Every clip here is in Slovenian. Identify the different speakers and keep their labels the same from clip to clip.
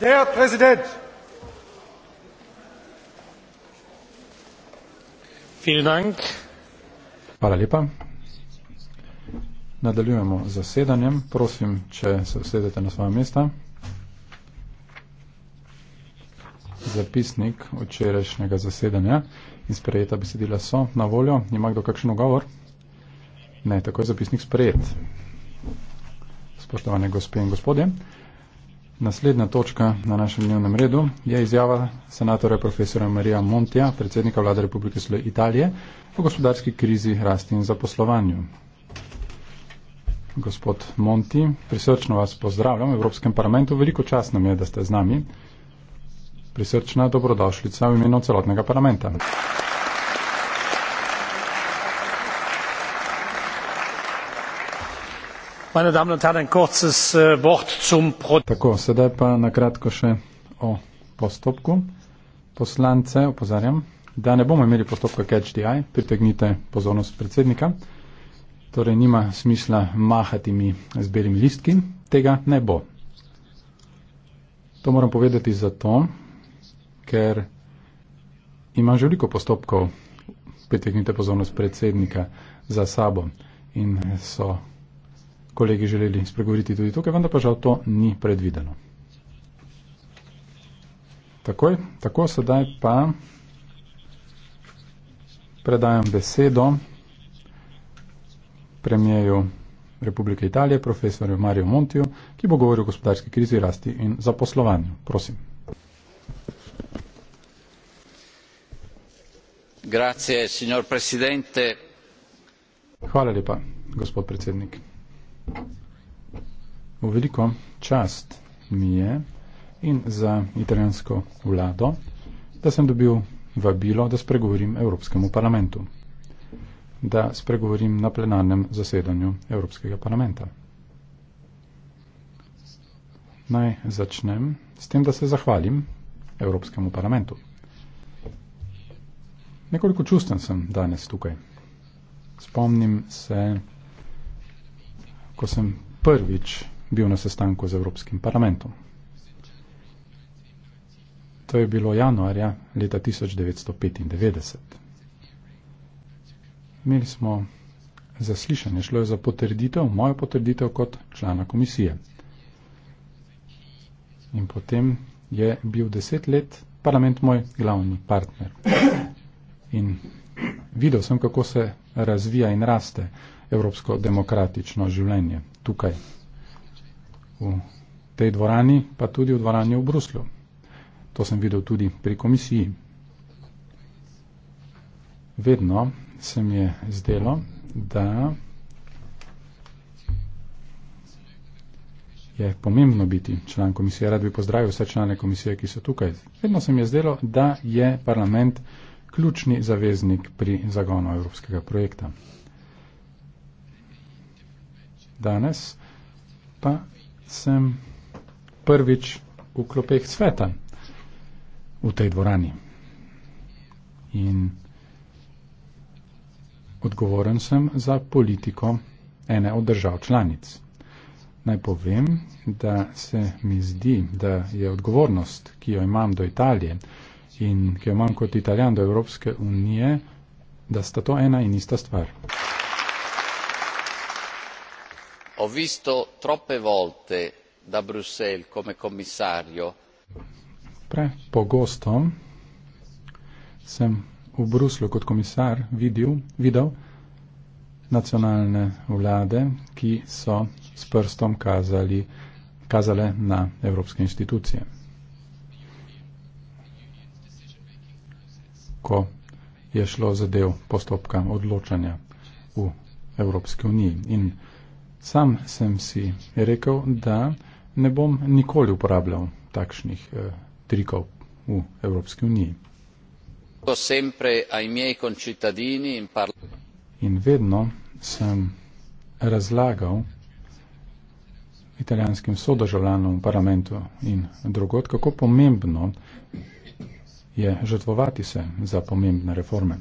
Speaker 1: Herr Präsident! Vielen Dank. Hvala lepa. Nadaljujemo z zasedanjem. Prosim, če se usedete na svoje mesta. Zapisnik včerajšnjega zasedanja in sprejeta besedila so na voljo. Ima kdo kakšen ogovor? Ne, tako je zapisnik sprejet. Spoštovane gospe in gospodje. Naslednja točka na našem dnevnem redu je izjava senatora profesora Marija Montija, predsednika vlade Republike Slovenije Italije, o gospodarski krizi, rasti in zaposlovanju. Gospod Monti, prisrčno vas pozdravljam v Evropskem parlamentu. Veliko čas nam je, da ste z nami. Prisrčna dobrodošljica v imenu celotnega parlamenta. Äh, Tako, sedaj pa na kratko še o postopku. Poslance opozarjam, da ne bomo imeli postopka catch the eye, pritegnite pozornost predsednika. Torej nima smisla mahati mi z belimi listki, tega ne bo. To moram povedati zato, ker imam že veliko postopkov, pritegnite pozornost predsednika za sabo in so kolegi želeli spregovoriti tudi tukaj, vendar pa žal to ni predvideno. Takoj, tako sedaj pa predajam besedo premijeju Republike Italije, profesorju Mario Montiju, ki bo govoril o gospodarski krizi, rasti in zaposlovanju. Prosim.
Speaker 2: Grazie, signor Presidente.
Speaker 1: Hvala lepa, gospod predsednik. V veliko čast mi je in za italijansko vlado, da sem dobil vabilo, da spregovorim Evropskemu parlamentu, da spregovorim na plenarnem zasedanju Evropskega parlamenta. Naj začnem s tem, da se zahvalim Evropskemu parlamentu. Nekoliko čusten sem danes tukaj. Spomnim se ko sem prvič bil na sestanku z Evropskim parlamentom. To je bilo januarja leta 1995. Imeli smo zaslišanje, šlo je za potrditev, mojo potrditev kot člana komisije. In potem je bil deset let parlament moj glavni partner. In videl sem, kako se razvija in raste evropsko demokratično življenje tukaj, v tej dvorani, pa tudi v dvorani v Bruslju. To sem videl tudi pri komisiji. Vedno se mi je zdelo, da je pomembno biti član komisije. Rad bi pozdravil vse člane komisije, ki so tukaj. Vedno se mi je zdelo, da je parlament ključni zaveznik pri zagonu evropskega projekta danes pa sem prvič v klopeh sveta v tej dvorani. In odgovoren sem za politiko ene od držav članic. Naj povem, da se mi zdi, da je odgovornost, ki jo imam do Italije in ki jo imam kot italijan do Evropske unije, da sta to ena in ista stvar
Speaker 2: ho visto troppe volte da Bruxelles come commissario.
Speaker 1: Prepogosto sem v Bruslju kot komisar videl, videl nacionalne vlade, ki so s prstom kazali, kazale na evropske institucije. Ko je šlo zadev postopka odločanja v Evropski uniji in Sam sem si rekel, da ne bom nikoli uporabljal takšnih eh, trikov v Evropski uniji. In vedno sem razlagal italijanskim sodržavljanom v parlamentu in drugot, kako pomembno je žrtvovati se za pomembne reforme,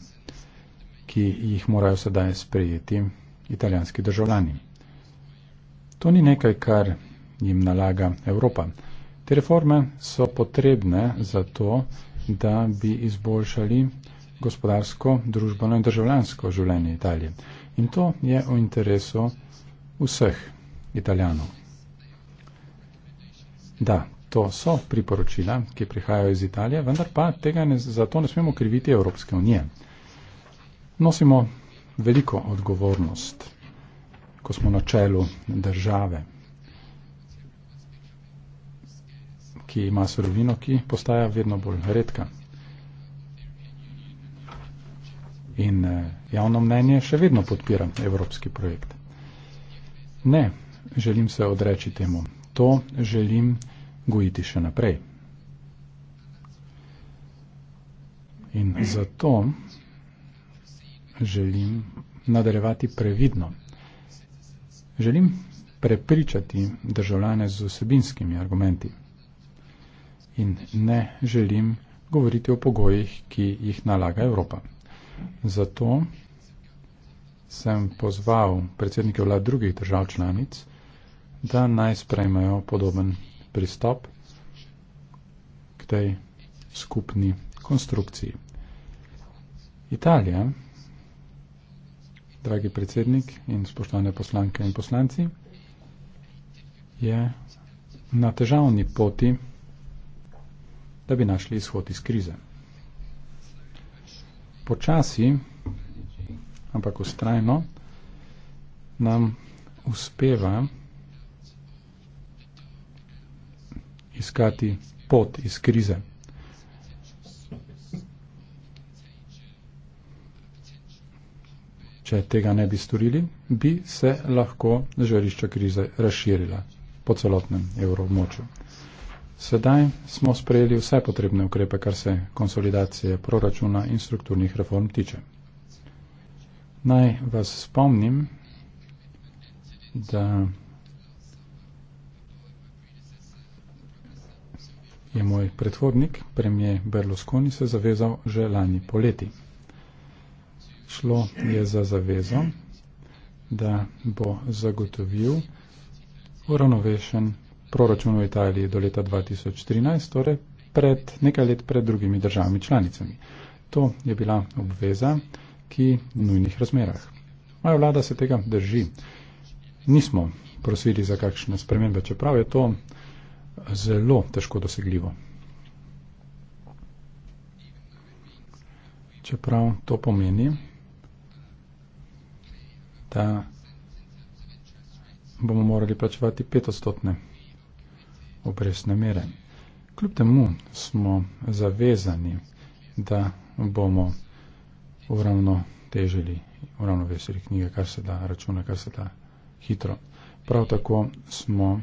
Speaker 1: ki jih morajo sedaj sprejeti italijanski državljani. To ni nekaj, kar jim nalaga Evropa. Te reforme so potrebne za to, da bi izboljšali gospodarsko, družbeno in državljansko življenje Italije. In to je v interesu vseh italijanov. Da, to so priporočila, ki prihajajo iz Italije, vendar pa tega ne, zato ne smemo kriviti Evropske unije. Nosimo veliko odgovornost ko smo na čelu države, ki ima surovino, ki postaja vedno bolj redka. In eh, javno mnenje še vedno podpira evropski projekt. Ne, želim se odreči temu. To želim gojiti še naprej. In zato želim nadaljevati previdno. Želim prepričati državljane z osebinskimi argumenti. In ne želim govoriti o pogojih, ki jih nalaga Evropa. Zato sem pozval predsednike vlad drugih držav članic, da naj sprejmejo podoben pristop k tej skupni konstrukciji. Italija dragi predsednik in spoštovane poslanke in poslanci, je na težavni poti, da bi našli izhod iz krize. Počasi, ampak ustrajno, nam uspeva iskati pot iz krize. Če tega ne bi storili, bi se lahko žarišča krize razširila po celotnem evroobmočju. Sedaj smo sprejeli vse potrebne ukrepe, kar se konsolidacije proračuna in strukturnih reform tiče. Naj vas spomnim, da je moj predhodnik, premijer Berlusconi, se zavezal že lani poleti šlo je za zavezo, da bo zagotovil uravnovešen proračun v Italiji do leta 2013, torej pred, nekaj let pred drugimi državami članicami. To je bila obveza, ki v nujnih razmerah. Moja vlada se tega drži. Nismo prosili za kakšne spremembe, čeprav je to zelo težko dosegljivo. Čeprav to pomeni, leta bomo morali plačevati petostotne obrestne mere. Kljub temu smo zavezani, da bomo uravno težili, uravno veseli knjige, kar se da računa, kar se da hitro. Prav tako smo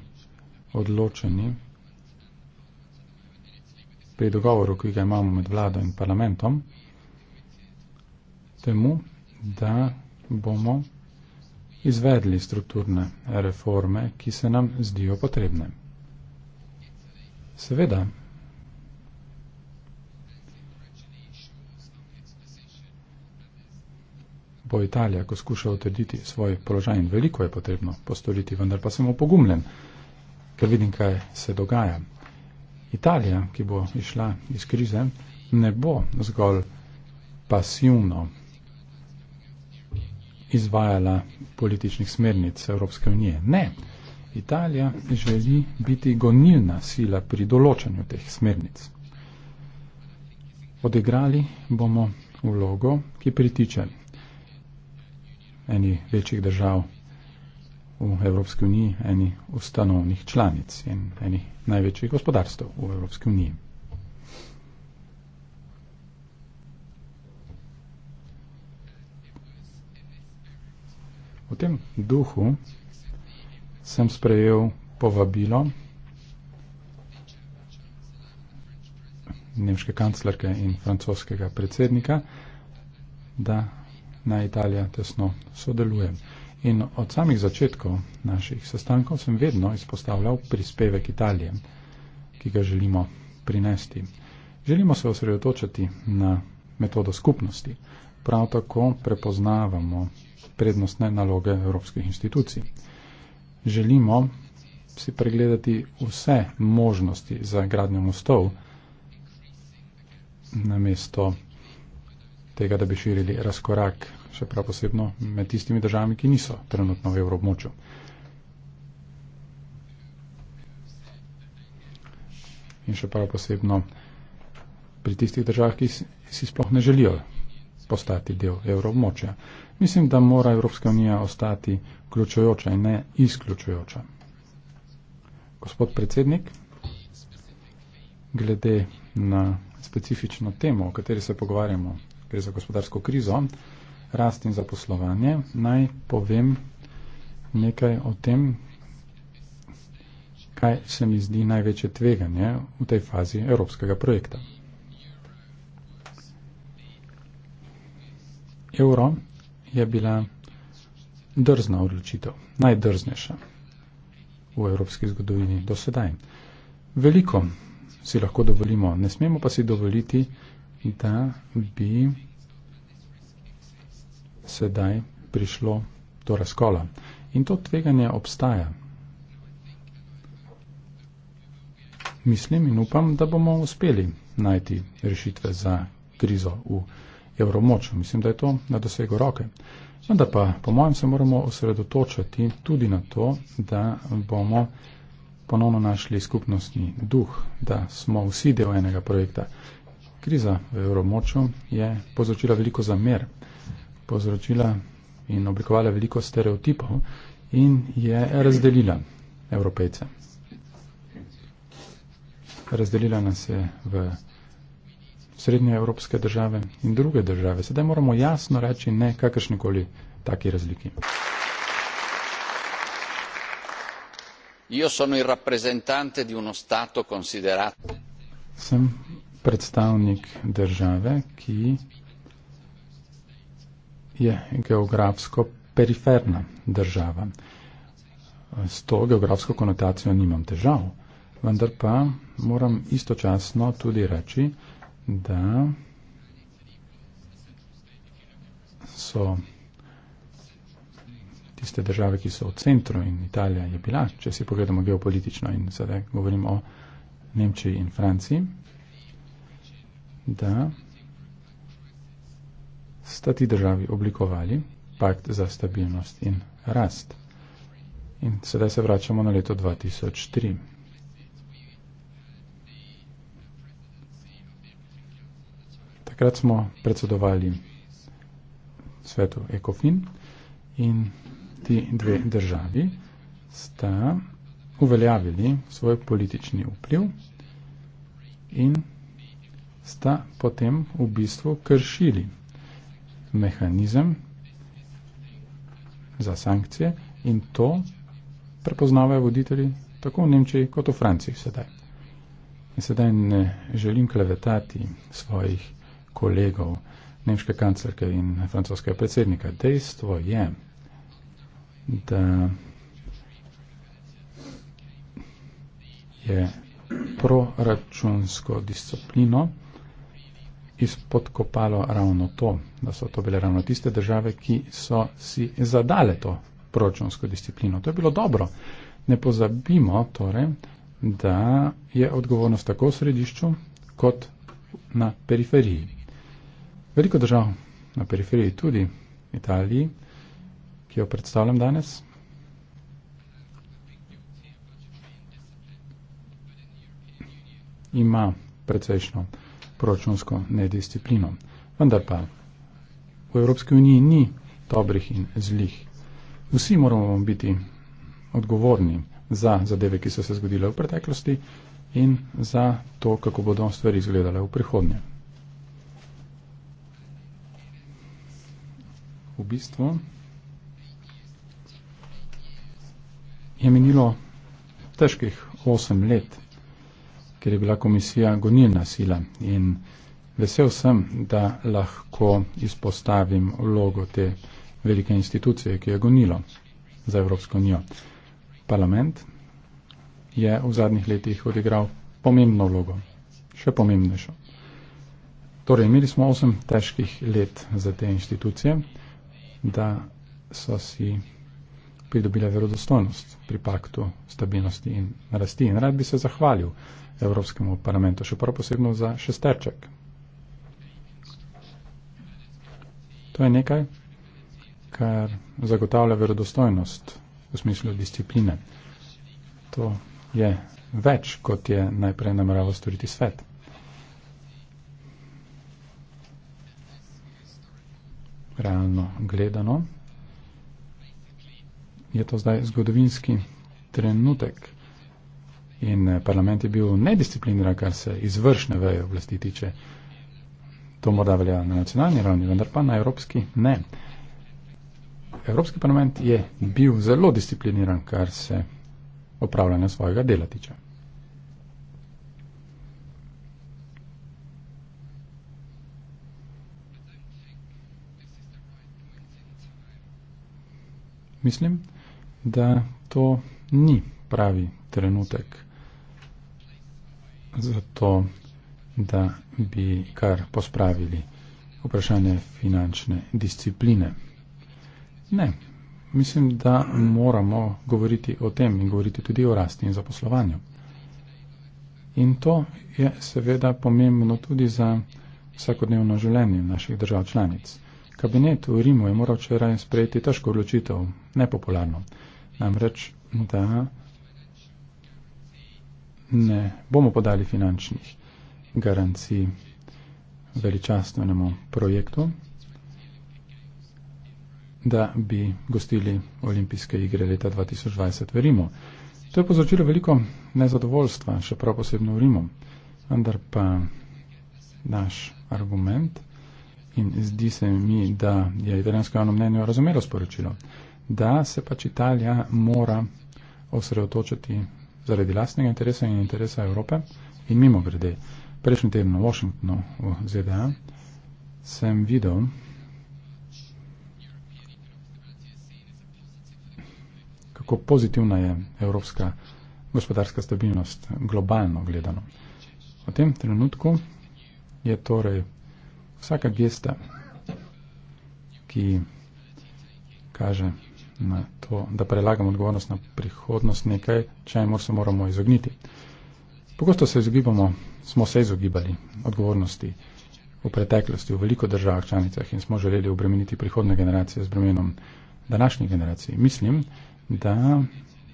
Speaker 1: odločeni pri dogovoru, ki ga imamo med vlado in parlamentom, temu, da bomo izvedli strukturne reforme, ki se nam zdijo potrebne. Seveda, bo Italija, ko skuša utrditi svoj položaj in veliko je potrebno postoriti, vendar pa sem opogumljen, ker vidim, kaj se dogaja. Italija, ki bo išla iz krize, ne bo zgolj pasivno izvajala političnih smernic Evropske unije. Ne, Italija želi biti gonilna sila pri določanju teh smernic. Odigrali bomo vlogo, ki pritiče eni večjih držav v Evropski uniji, eni ustanovnih članic in eni največjih gospodarstv v Evropski uniji. V tem duhu sem sprejel povabilo nemške kanclerke in francoskega predsednika, da na Italija tesno sodeluje. In od samih začetkov naših sestankov sem vedno izpostavljal prispevek Italije, ki ga želimo prinesti. Želimo se osredotočiti na metodo skupnosti. Prav tako prepoznavamo prednostne naloge evropskih institucij. Želimo si pregledati vse možnosti za gradnjo mostov, namesto tega, da bi širili razkorak, še prav posebno med tistimi državami, ki niso trenutno v evroobmočju. In še prav posebno pri tistih državah, ki si sploh ne želijo postati del evromočja. Mislim, da mora Evropska unija ostati vključujoča in ne izključujoča. Gospod predsednik, glede na specifično temo, o kateri se pogovarjamo, gre za gospodarsko krizo, rast in zaposlovanje, naj povem nekaj o tem, kaj se mi zdi največje tveganje v tej fazi evropskega projekta. evro, je bila drzna odločitev, najdrznejša v evropski zgodovini do sedaj. Veliko si lahko dovolimo, ne smemo pa si dovoliti, da bi sedaj prišlo do razkola. In to tveganje obstaja. Mislim in upam, da bomo uspeli najti rešitve za krizo v Evropi evrov moč. Mislim, da je to na dosegu roke. Vendar pa, po mojem, se moramo osredotočiti tudi na to, da bomo ponovno našli skupnostni duh, da smo vsi del enega projekta. Kriza v evromoču je povzročila veliko zamer, povzročila in oblikovala veliko stereotipov in je razdelila evropejce. Razdelila nas je v srednjeevropske države in druge države. Sedaj moramo jasno reči ne kakršnikoli taki razliki. Sem predstavnik države, ki je geografsko periferna država. S to geografsko konotacijo nimam težav, vendar pa moram istočasno tudi reči, da so tiste države, ki so v centru in Italija je bila, če si pogledamo geopolitično in zdaj govorim o Nemčiji in Franciji, da sta ti državi oblikovali pakt za stabilnost in rast. In sedaj se vračamo na leto 2003. takrat smo predsedovali svetu ECOFIN in ti dve državi sta uveljavili svoj politični vpliv in sta potem v bistvu kršili mehanizem za sankcije in to prepoznavajo voditelji tako v Nemčiji kot v Franciji sedaj. In sedaj ne želim klevetati svojih kolegov nemške kanclerke in francoskega predsednika. Dejstvo je, da je proračunsko disciplino izpodkopalo ravno to, da so to bile ravno tiste države, ki so si zadale to proračunsko disciplino. To je bilo dobro. Ne pozabimo torej, da je odgovornost tako v središču kot na periferiji. Veliko držav na periferiji, tudi Italiji, ki jo predstavljam danes. ima precejšno proračunsko nedisciplino. Vendar pa v Evropski uniji ni dobrih in zlih. Vsi moramo biti odgovorni za zadeve, ki so se zgodile v preteklosti in za to, kako bodo stvari izgledale v prihodnje. v bistvu je minilo težkih osem let, ker je bila komisija gonilna sila in vesel sem, da lahko izpostavim vlogo te velike institucije, ki je gonilo za Evropsko unijo. Parlament je v zadnjih letih odigral pomembno vlogo, še pomembnejšo. Torej, imeli smo osem težkih let za te institucije da so si pridobile verodostojnost pri paktu stabilnosti in rasti. In rad bi se zahvalil Evropskemu parlamentu, še prav posebno za šesterček. To je nekaj, kar zagotavlja verodostojnost v smislu discipline. To je več, kot je najprej nameraval storiti svet. realno gledano. Je to zdaj zgodovinski trenutek in eh, parlament je bil nediscipliniran, kar se izvršne veje oblasti tiče. To morda velja na nacionalni ravni, vendar pa na evropski ne. Evropski parlament je bil zelo discipliniran, kar se opravljanja svojega dela tiče. mislim, da to ni pravi trenutek za to, da bi kar pospravili vprašanje finančne discipline. Ne, mislim, da moramo govoriti o tem in govoriti tudi o rasti in zaposlovanju. In to je seveda pomembno tudi za vsakodnevno življenje naših držav članic. Kabinet v Rimu je moral včeraj sprejeti težko odločitev, nepopularno. Namreč, da ne bomo podali finančnih garancij veličastvenemu projektu, da bi gostili olimpijske igre leta 2020 v Rimu. To je povzročilo veliko nezadovoljstva, še prav posebno v Rimu. Vendar pa naš argument In zdi se mi, da je italijansko javno mnenje razumelo sporočilo, da se pač Italija mora osredotočiti zaradi lastnega interesa in interesa Evrope. In mimo grede, prejšnji teden v Washingtonu v ZDA sem videl, kako pozitivna je evropska gospodarska stabilnost globalno gledano. V tem trenutku je torej vsaka gesta, ki kaže na to, da prelagamo odgovornost na prihodnost nekaj, čemu se moramo izogniti. Pogosto se izogibamo, smo se izogibali odgovornosti v preteklosti, v veliko državah članicah in smo želeli obremeniti prihodne generacije z bremenom današnjih generacij. Mislim, da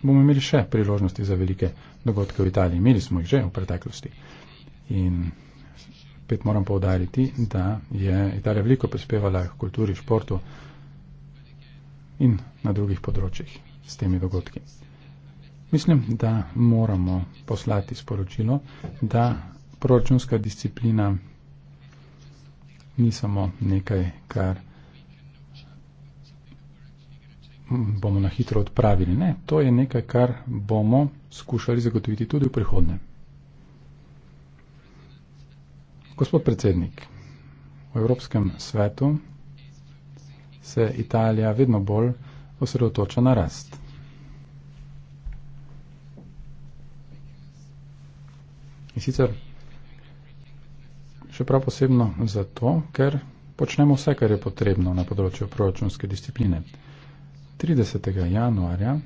Speaker 1: bomo imeli še priložnosti za velike dogodke v Italiji. Imeli smo jih že v preteklosti. In spet moram povdariti, da je Italija veliko prispevala k kulturi, športu in na drugih področjih s temi dogodki. Mislim, da moramo poslati sporočilo, da proračunska disciplina ni samo nekaj, kar bomo na hitro odpravili. Ne, to je nekaj, kar bomo skušali zagotoviti tudi v prihodnje. Gospod predsednik, v Evropskem svetu se Italija vedno bolj osredotoča na rast. In sicer še prav posebno zato, ker počnemo vse, kar je potrebno na področju proračunske discipline. 30. januarja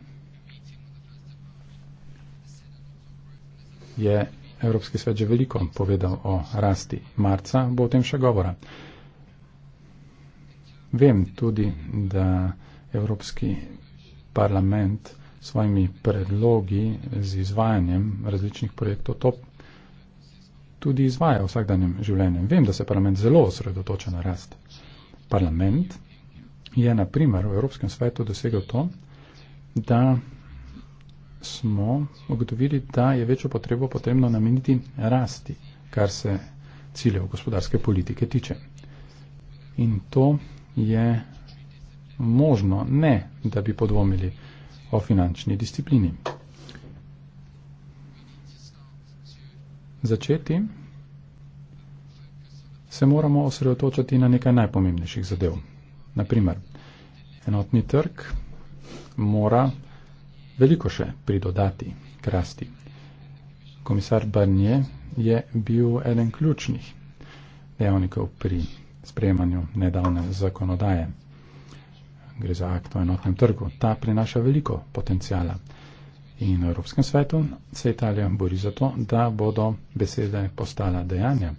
Speaker 1: je Evropski svet že veliko povedal o rasti. Marca bo o tem še govora. Vem tudi, da Evropski parlament svojimi predlogi z izvajanjem različnih projektov to tudi izvaja v vsakdanjem življenju. Vem, da se parlament zelo osredotoča na rast. Parlament je na primer v Evropskem svetu dosegel to, da smo ugotovili, da je večjo potrebo potrebno nameniti rasti, kar se ciljev gospodarske politike tiče. In to je možno, ne da bi podvomili o finančni disciplini. Začeti se moramo osredotočati na nekaj najpomembnejših zadev. Naprimer, enotni trg mora veliko še pridodati, krasti. Komisar Barnier je bil eden ključnih dejavnikov pri sprejemanju nedavne zakonodaje. Gre za akt o enotnem trgu. Ta prinaša veliko potencijala. In v Evropskem svetu se Italija bori za to, da bodo besede postala dejanja,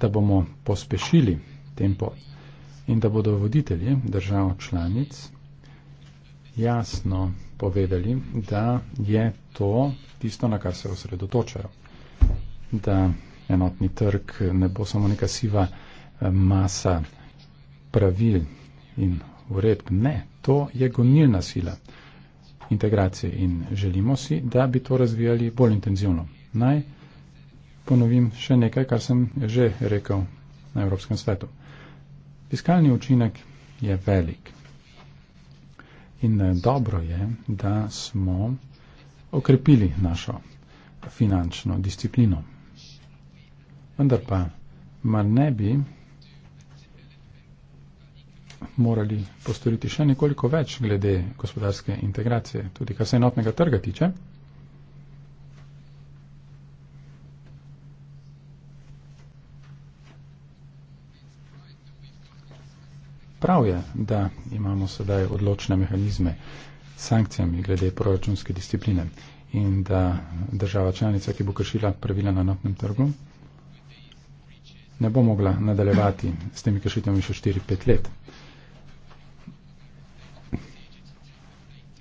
Speaker 1: da bomo pospešili tempo in da bodo voditelji držav članic jasno povedali, da je to tisto, na kar se osredotočajo. Da enotni trg ne bo samo neka siva eh, masa pravil in uredb. Ne, to je gonilna sila integracije in želimo si, da bi to razvijali bolj intenzivno. Naj ponovim še nekaj, kar sem že rekel na Evropskem svetu. Fiskalni učinek je velik. In eh, dobro je, da smo okrepili našo finančno disciplino. Vendar pa mar ne bi morali postoriti še nekoliko več glede gospodarske integracije, tudi kar se enotnega trga tiče. Prav je, da imamo sedaj odločne mehanizme s sankcijami glede proračunske discipline in da država članica, ki bo kršila pravila na notnem trgu, ne bo mogla nadaljevati s temi kršitvami še 4-5 let.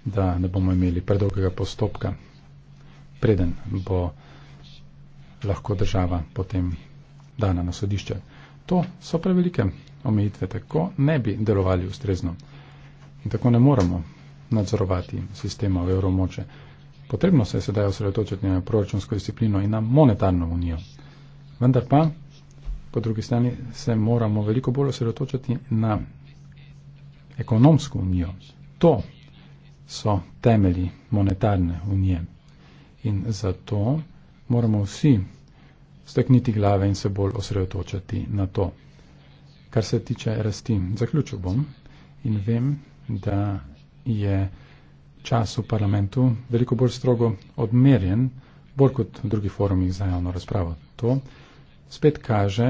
Speaker 1: Da ne bomo imeli predolgega postopka, preden bo lahko država potem dana na sodišče. To so prevelike omejitve tako ne bi delovali ustrezno. In tako ne moremo nadzorovati sistema v evromoče. Potrebno se je sedaj osredotočiti na proračunsko disciplino in na monetarno unijo. Vendar pa, po drugi strani, se moramo veliko bolj osredotočiti na ekonomsko unijo. To so temeli monetarne unije. In zato moramo vsi stekniti glave in se bolj osredotočiti na to kar se tiče rasti. Zaključil bom in vem, da je čas v parlamentu veliko bolj strogo odmerjen, bolj kot v drugih forumih za javno razpravo. To spet kaže,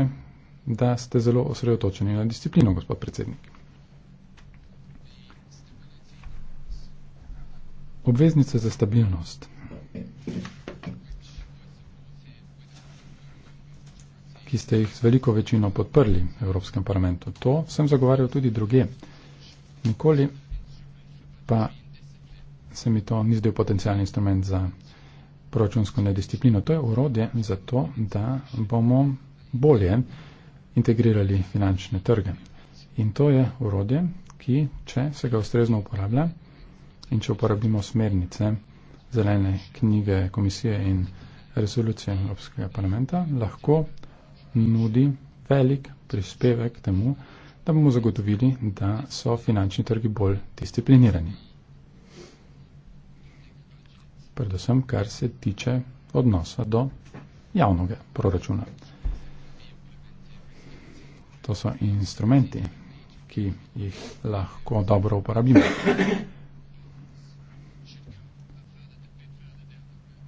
Speaker 1: da ste zelo osredotočeni na disciplino, gospod predsednik. Obveznice za stabilnost. Thank you. ki ste jih z veliko večino podprli v Evropskem parlamentu. To sem zagovarjal tudi druge. Nikoli pa se mi to ni zdel potencijalni instrument za proračunsko nedisciplino. To je urodje za to, da bomo bolje integrirali finančne trge. In to je urodje, ki, če se ga ustrezno uporablja in če uporabimo smernice zelene knjige komisije in resolucije Evropskega parlamenta, lahko nudi velik prispevek k temu, da bomo zagotovili, da so finančni trgi bolj disciplinirani. Predvsem, kar se tiče odnosa do javnega proračuna. To so instrumenti, ki jih lahko dobro uporabimo.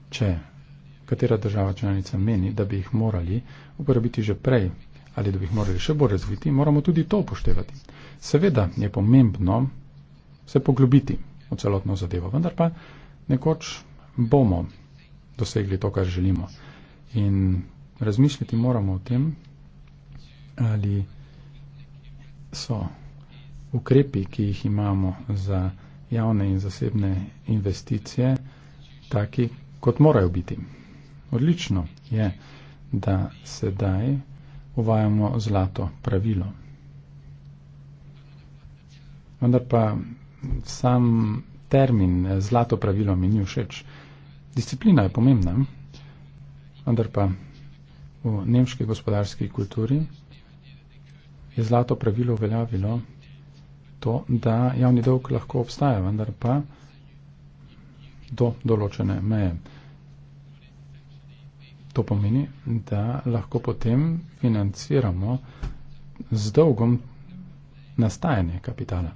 Speaker 1: Če katera država članica meni, da bi jih morali uporabiti že prej ali da bi jih morali še bolj razviti, moramo tudi to upoštevati. Seveda je pomembno se poglobiti v celotno zadevo, vendar pa nekoč bomo dosegli to, kar želimo. In razmisliti moramo o tem, ali so ukrepi, ki jih imamo za javne in zasebne investicije, taki, kot morajo biti odlično je, da sedaj uvajamo zlato pravilo. Vendar pa sam termin eh, zlato pravilo mi ni všeč. Disciplina je pomembna, vendar pa v nemški gospodarski kulturi je zlato pravilo uveljavilo to, da javni dolg lahko obstaja, vendar pa do določene meje. To pomeni, da lahko potem financiramo z dolgom nastajanje kapitala.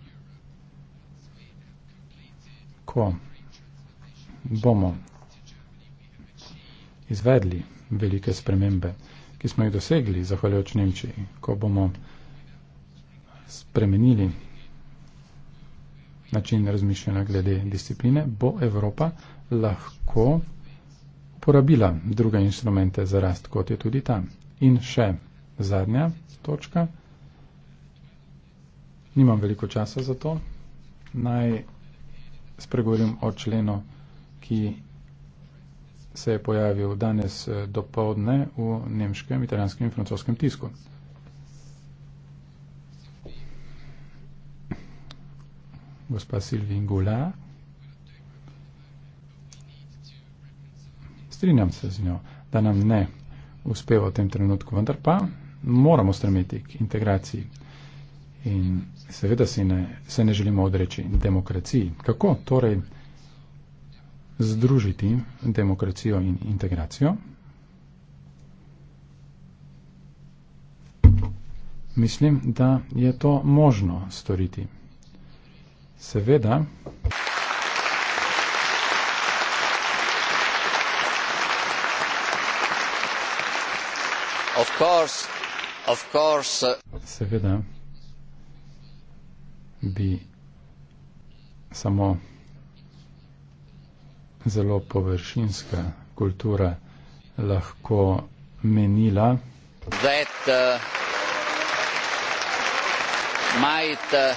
Speaker 1: Ko bomo izvedli velike spremembe, ki smo jih dosegli zahvaljujoč Nemčiji, ko bomo spremenili način razmišljanja glede discipline, bo Evropa lahko porabila druge instrumente za rast, kot je tudi ta. In še zadnja točka. Nimam veliko časa za to. Naj spregovorim o členu, ki se je pojavil danes eh, dopoledne v nemškem, italijanskem in francoskem tisku. Gospa Silvin Goulart strinjam se z njo, da nam ne uspeva v tem trenutku, vendar pa moramo stremeti k integraciji. In seveda si ne, se ne želimo odreči demokraciji. Kako torej združiti demokracijo in integracijo? Mislim, da je to možno storiti. Seveda.
Speaker 2: of course, of course, uh,
Speaker 1: seveda bi samo zelo površinska kultura lahko menila,
Speaker 2: that, uh, might, uh,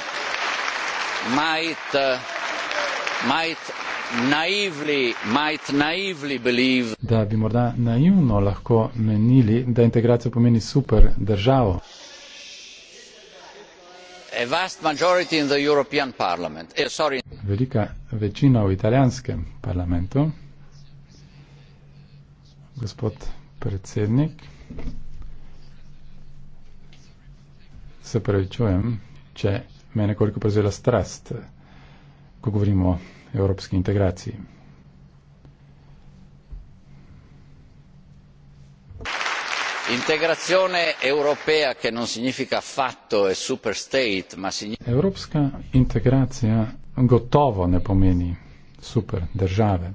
Speaker 2: might, uh, might
Speaker 1: da bi morda naivno lahko menili, da integracija pomeni super državo. Eh, Velika večina v italijanskem parlamentu, gospod predsednik, se pravičujem, če me je nekoliko prezela strast, ko govorimo o evropske integracije.
Speaker 2: Integrazione europea, che non significa affatto e superstate, ma
Speaker 1: significa... Evropska integracija gotovo ne pomeni super države.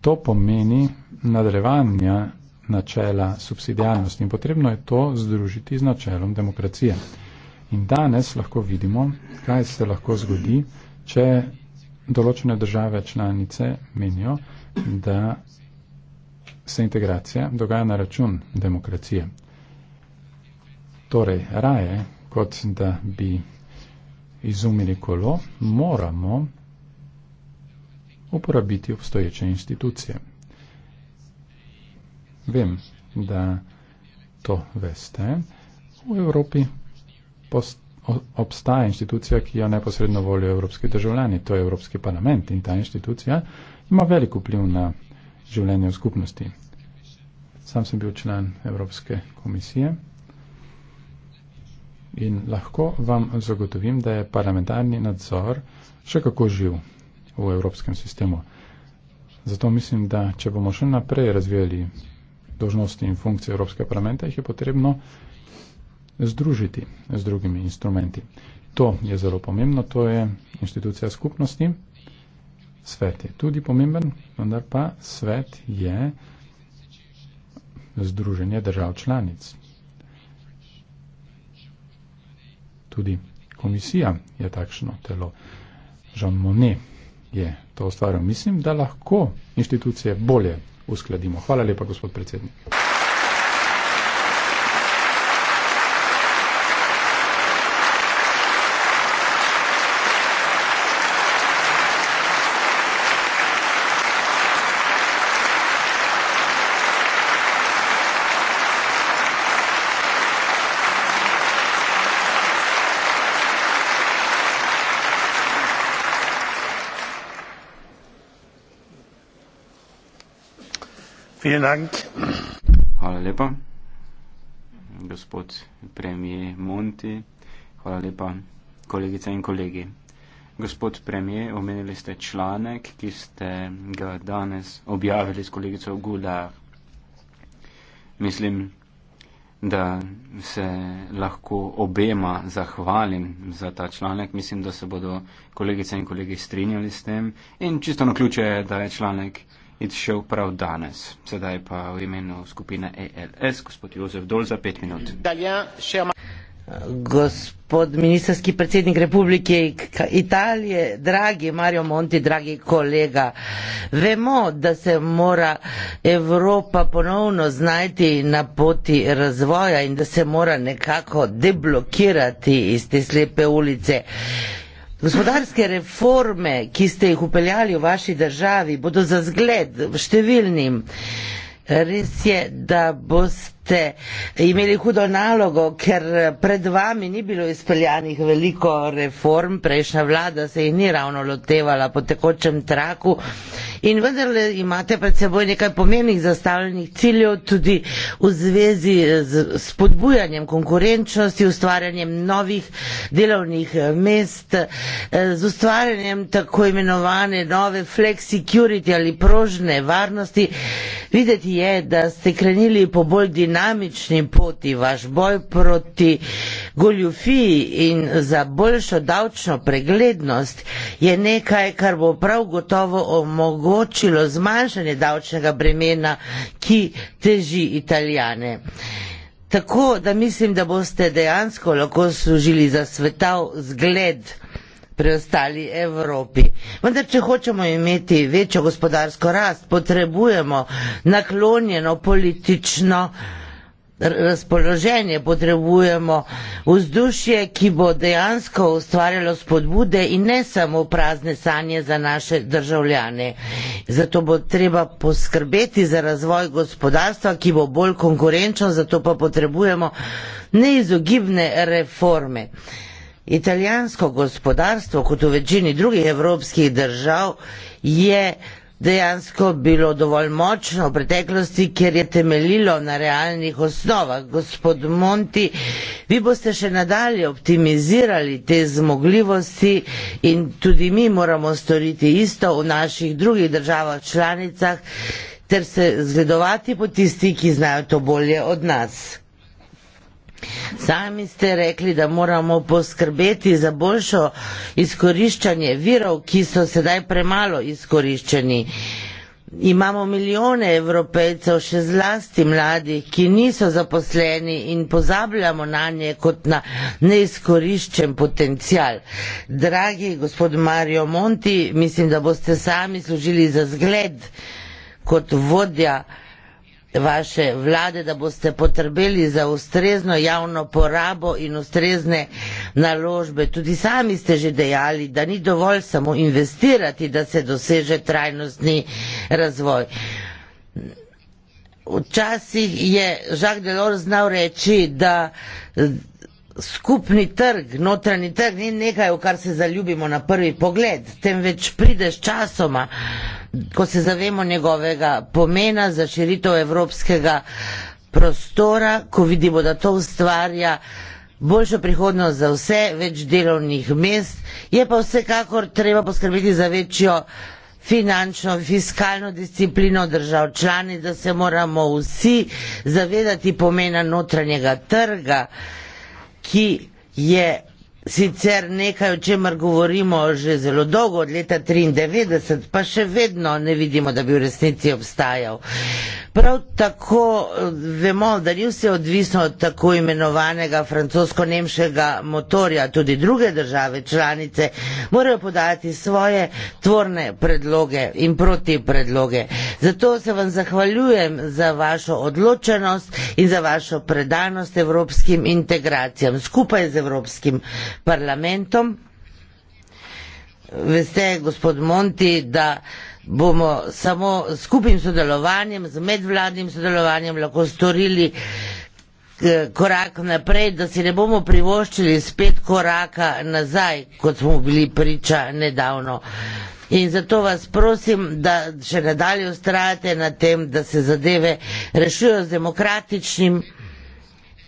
Speaker 1: To pomeni nadrevanja načela subsidijarnosti in potrebno je to združiti z načelom demokracije. In danes lahko vidimo, kaj se lahko zgodi, če določene države članice menijo, da se integracija dogaja na račun demokracije. Torej, raje, kot da bi izumili kolo, moramo uporabiti obstoječe institucije. Vem, da to veste. V Evropi postavljamo obstaja institucija, ki jo neposredno volijo evropski državljani, to je Evropski parlament in ta institucija ima veliko vpliv na življenje v skupnosti. Sam sem bil član Evropske komisije in lahko vam zagotovim, da je parlamentarni nadzor še kako živ v evropskem sistemu. Zato mislim, da če bomo še naprej razvijali dožnosti in funkcije Evropskega parlamenta, jih je potrebno združiti z drugimi instrumenti. To je zelo pomembno, to je institucija skupnosti. Svet je tudi pomemben, vendar pa svet je združenje držav članic. Tudi komisija je takšno telo. Jean Monnet je to ustvaril. Mislim, da lahko inštitucije bolje uskladimo. Hvala lepa, gospod predsednik.
Speaker 3: Hvala lepa. Gospod premijer Monti, hvala lepa, kolegice in kolegi. Gospod premijer, omenili ste članek, ki ste ga danes objavili s kolegico Gudar. Mislim, da se lahko obema zahvalim za ta članek. Mislim, da se bodo kolegice in kolegi strinjali s tem. In čisto na ključe je, da je članek izšel prav danes. Sedaj pa v imenu skupine ALS, gospod Jozef Dol za pet minut.
Speaker 4: Gospod ministerski predsednik Republike Italije, dragi Mario Monti, dragi kolega, vemo, da se mora Evropa ponovno znajti na poti razvoja in da se mora nekako deblokirati iz te slepe ulice. Gospodarske reforme, ki ste jih upeljali v vaši državi, bodo za zgled številnim. Res je, da boste imeli hudo nalogo, ker pred vami ni bilo izpeljanih veliko reform, prejšnja vlada se jih ni ravno lotevala po tekočem traku. In vendar imate pred seboj nekaj pomembnih zastavljenih ciljev tudi v zvezi z spodbujanjem konkurenčnosti, ustvarjanjem novih delovnih mest, eh, z ustvarjanjem tako imenovane nove flexicurity ali prožne varnosti. Videti je, da ste krenili po bolj dinamični poti vaš boj proti goljufiji in za boljšo davčno preglednost je nekaj, kar bo prav gotovo omogočilo zmanjšanje davčnega bremena, ki teži Italijane. Tako da mislim, da boste dejansko lahko služili za svetav zgled preostali Evropi. Vendar, če hočemo imeti večjo gospodarsko rast, potrebujemo naklonjeno politično razpoloženje, potrebujemo vzdušje, ki bo dejansko ustvarjalo spodbude in ne samo prazne sanje za naše državljane. Zato bo treba poskrbeti za razvoj gospodarstva, ki bo bolj konkurenčen, zato pa potrebujemo neizogibne reforme. Italijansko gospodarstvo, kot v večini drugih evropskih držav, je dejansko bilo dovolj močno v preteklosti, ker je temeljilo na realnih osnovah. Gospod Monti, vi boste še nadalje optimizirali te zmogljivosti in tudi mi moramo storiti isto v naših drugih državah članicah ter se zgledovati po tisti, ki znajo to bolje od nas. Sami ste rekli, da moramo poskrbeti za boljšo izkoriščanje virov, ki so sedaj premalo izkoriščeni. Imamo milijone evropejcev, še zlasti mladih, ki niso zaposleni in pozabljamo na nje kot na neizkoriščen potencial. Dragi gospod Mario Monti, mislim, da boste sami služili za zgled kot vodja vaše vlade, da boste potrebeli za ustrezno javno porabo in ustrezne naložbe. Tudi sami ste že dejali, da ni dovolj samo investirati, da se doseže trajnostni razvoj. Včasih je Žak Delor znal reči, da skupni trg, notranji trg, ni nekaj, v kar se zaljubimo na prvi pogled, temveč prideš časoma, ko se zavemo njegovega pomena za širitev evropskega prostora, ko vidimo, da to ustvarja boljšo prihodnost za vse, več delovnih mest, je pa vsekakor treba poskrbeti za večjo finančno, fiskalno disciplino držav člani, da se moramo vsi zavedati pomena notranjega trga ki je sicer nekaj, o čemer govorimo že zelo dolgo, od leta 1993, pa še vedno ne vidimo, da bi v resnici obstajal. Prav tako eh, vemo, da ni vse odvisno od tako imenovanega francosko-nemškega motorja, tudi druge države članice morajo podati svoje tvorne predloge in protipredloge. Zato se vam zahvaljujem za vašo odločenost in za vašo predanost evropskim integracijam skupaj z evropskim parlamentom. Veste, gospod Monti, da bomo samo skupnim sodelovanjem, z medvladnim sodelovanjem lahko storili eh, korak naprej, da si ne bomo privoščili spet koraka nazaj, kot smo bili priča nedavno. In zato vas prosim, da še nadalje ustrajate na tem, da se zadeve rešujo z demokratičnim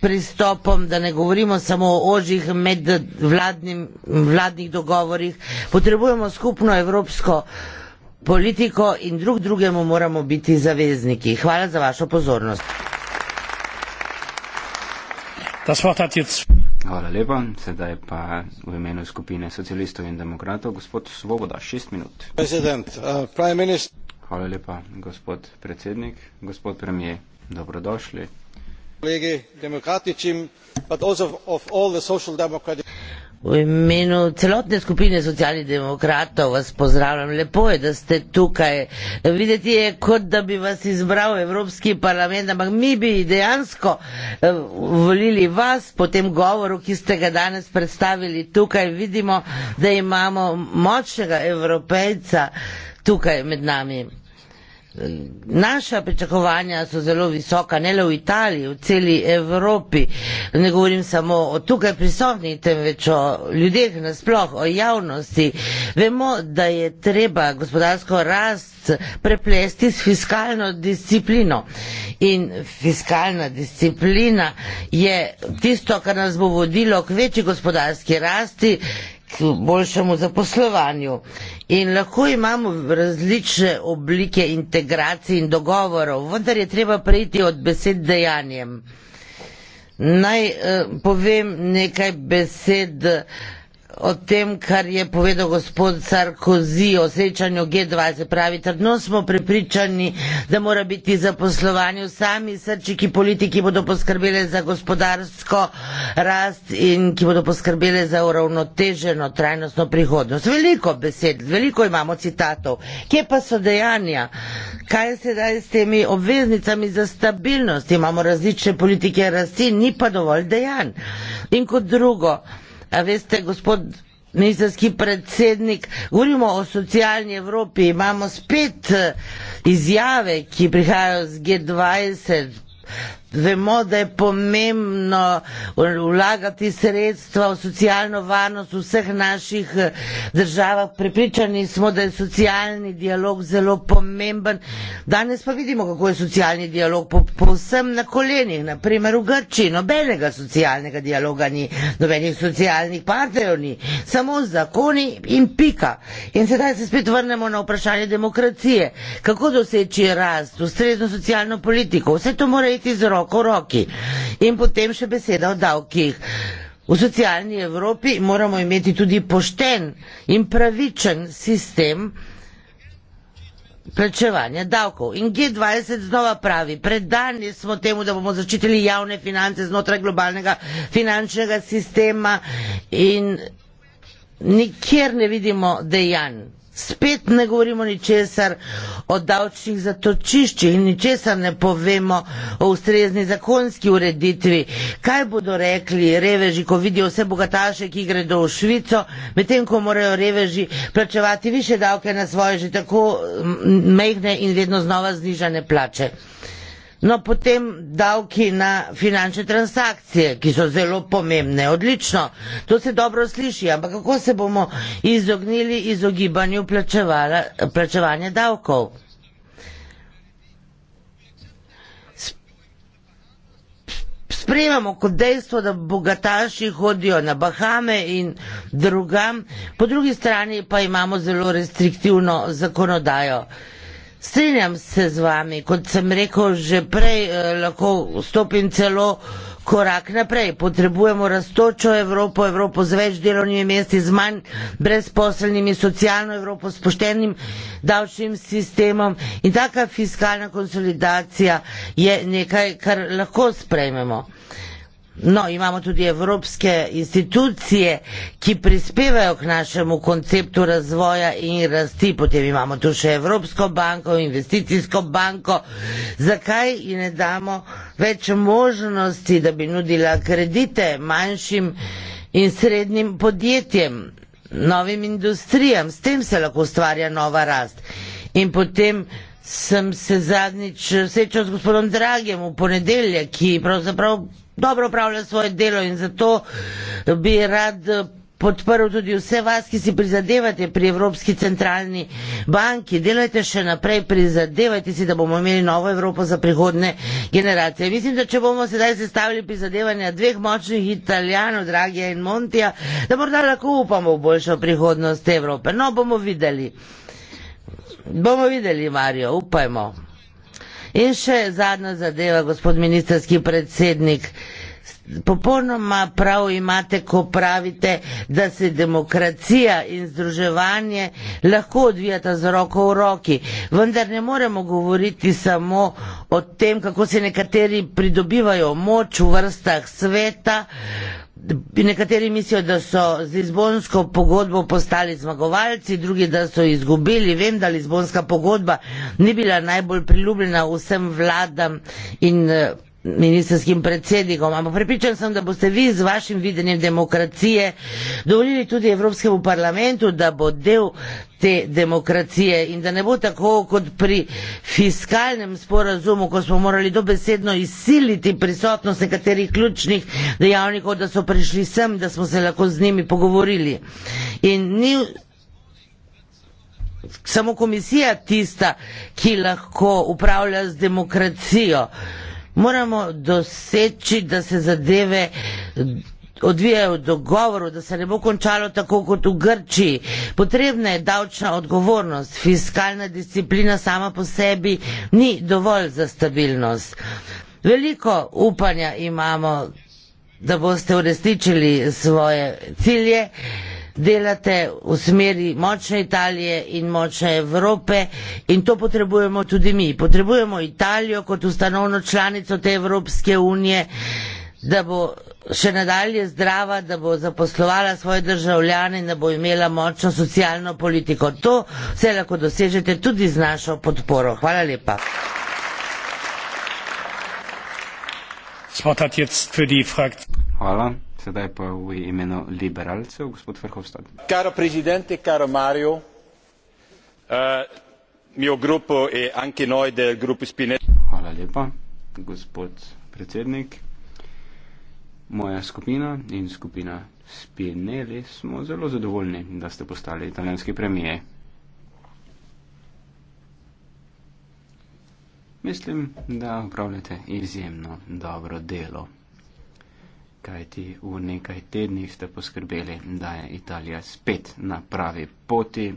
Speaker 4: pristopom, da ne govorimo samo o ožjih medvladnih dogovorih, potrebujemo skupno evropsko politiko in drug drugemu moramo biti zavezniki. Hvala za vašo pozornost.
Speaker 3: Hvala lepa. Sedaj pa v imenu skupine socialistov in demokratov gospod Svoboda, šest minut. Uh, Hvala lepa, gospod predsednik, gospod premije, dobrodošli.
Speaker 4: V imenu celotne skupine socialnih demokratov vas pozdravljam. Lepo je, da ste tukaj. Videti je, kot da bi vas izbral Evropski parlament, ampak mi bi dejansko eh, volili vas po tem govoru, ki ste ga danes predstavili tukaj. Vidimo, da imamo močnega evropejca tukaj med nami. Naša pričakovanja so zelo visoka, ne le v Italiji, v celi Evropi. Ne govorim samo o tukaj prisotnih, temveč o ljudeh nasploh, o javnosti. Vemo, da je treba gospodarsko rast preplesti s fiskalno disciplino. In fiskalna disciplina je tisto, kar nas bo vodilo k večji gospodarski rasti, k boljšemu zaposlovanju. In lahko imamo različne oblike integracij in dogovorov, vendar je treba preiti od besed dejanjem. Naj eh, povem nekaj besed. Eh, o tem, kar je povedal gospod Sarkozy o srečanju G20, pravi, trdno smo prepričani, da mora biti zaposlovanje v sami srči, ki politiki bodo poskrbeli za gospodarsko rast in ki bodo poskrbeli za uravnoteženo trajnostno prihodnost. Veliko besed, veliko imamo citatov. Kje pa so dejanja? Kaj se da s temi obveznicami za stabilnost? Imamo različne politike rasti, ni pa dovolj dejanj. In kot drugo, vi ste gospod ministrski predsednik, govorimo o socialni Evropi, imamo spet eh, izjave, ki prihajajo z G20, Vemo, da je pomembno vlagati sredstva v socialno varnost v vseh naših eh, državah. Prepričani smo, da je socialni dialog zelo pomemben. Danes pa vidimo, kako je socialni dialog povsem po na kolenih. Naprimer v Grči nobenega socialnega dialoga ni, nobenih socialnih partnerjev ni, samo zakoni in pika. In sedaj se spet vrnemo na vprašanje demokracije. Kako doseči rast, ustrezno socialno politiko? Vse to mora iti z roko visoko roki. In potem še beseda o davkih. V socialni Evropi moramo imeti tudi pošten in pravičen sistem plačevanja davkov. In G20 znova pravi, predani smo temu, da bomo začitili javne finance znotraj globalnega finančnega sistema in nikjer ne vidimo dejanj. Spet ne govorimo ničesar o davčnih zatočiščih, ničesar ne povemo o ustrezni zakonski ureditvi. Kaj bodo rekli reveži, ko vidijo vse bogataše, ki gredo v Švico, medtem ko morajo reveži plačevati više davke na svoje že tako mehne in vedno znova znižane plače? No, potem davki na finančne transakcije, ki so zelo pomembne. Odlično, to se dobro sliši, ampak kako se bomo izognili izogibanju plačevanja davkov? Sprejemamo kot dejstvo, da bogataši hodijo na Bahame in drugam, po drugi strani pa imamo zelo restriktivno zakonodajo. Strinjam se z vami, kot sem rekel že prej, eh, lahko stopim celo korak naprej. Potrebujemo raztočo Evropo, Evropo z več delovnimi mesti, z manj brezposelnimi, socialno Evropo s poštenim davčnim sistemom in taka fiskalna konsolidacija je nekaj, kar lahko sprejmemo. Eh, No, imamo tudi evropske institucije, ki prispevajo k našemu konceptu razvoja in rasti. Potem imamo tu še Evropsko banko, investicijsko banko. Zakaj ji ne damo več možnosti, da bi nudila kredite manjšim in srednjim podjetjem, novim industrijam? S tem se lahko ustvarja nova rast. In potem sem se zadnjič srečal s gospodom Dragem v ponedeljek, ki pravzaprav dobro upravlja svoje delo in zato bi rad podprl tudi vse vas, ki si prizadevate pri Evropski centralni banki. Delajte še naprej, prizadevajte si, da bomo imeli novo Evropo za prihodne generacije. Mislim, da če bomo sedaj sestavili prizadevanja dveh močnih italijanov, Dragija in Montija, da morda lahko upamo v boljšo prihodnost Evrope. No, bomo videli. Bomo videli, Marijo, upajmo. In še zadnja zadeva, gospod ministerski predsednik, popolnoma prav imate, ko pravite, da se demokracija in združevanje lahko odvijata z roko v roki. Vendar ne moremo govoriti samo o tem, kako se nekateri pridobivajo moč v vrstah sveta. Nekateri mislijo, da so z Lizbonsko pogodbo postali zmagovalci, drugi, da so izgubili. Vem, da Lizbonska pogodba ni bila najbolj priljubljena vsem vladam in eh, ministerskim predsednikom, ampak prepričan sem, da boste vi z vašim videnjem demokracije dovolili tudi Evropskemu parlamentu, da bo del te demokracije in da ne bo tako kot pri fiskalnem sporazumu, ko smo morali dobesedno izsiliti prisotnost nekaterih ključnih dejavnikov, da so prišli sem, da smo se lahko z njimi pogovorili. In ni samo komisija tista, ki lahko upravlja z demokracijo moramo doseči, da se zadeve odvijajo v dogovoru, da se ne bo končalo tako kot v Grčiji. Potrebna je davčna odgovornost, fiskalna disciplina sama po sebi ni dovolj za stabilnost. Veliko upanja imamo, da boste uresničili svoje cilje delate v smeri močne Italije in močne Evrope in to potrebujemo tudi mi. Potrebujemo Italijo kot ustanovno članico te Evropske unije, da bo še nadalje zdrava, da bo zaposlovala svoje državljane in da bo imela močno socialno politiko. To vse lahko dosežete tudi z našo podporo. Hvala lepa.
Speaker 3: Hvala. Sedaj pa v imenu liberalcev, gospod Verhofstadt.
Speaker 2: Karo prezidente, karo Mario. Uh,
Speaker 3: noi del Hvala lepa, gospod predsednik. Moja skupina in skupina Spinelli smo zelo zadovoljni, da ste postali italijanski premije. Mislim, da upravljate izjemno dobro delo kajti v nekaj tednih ste poskrbeli, da je Italija spet na pravi poti.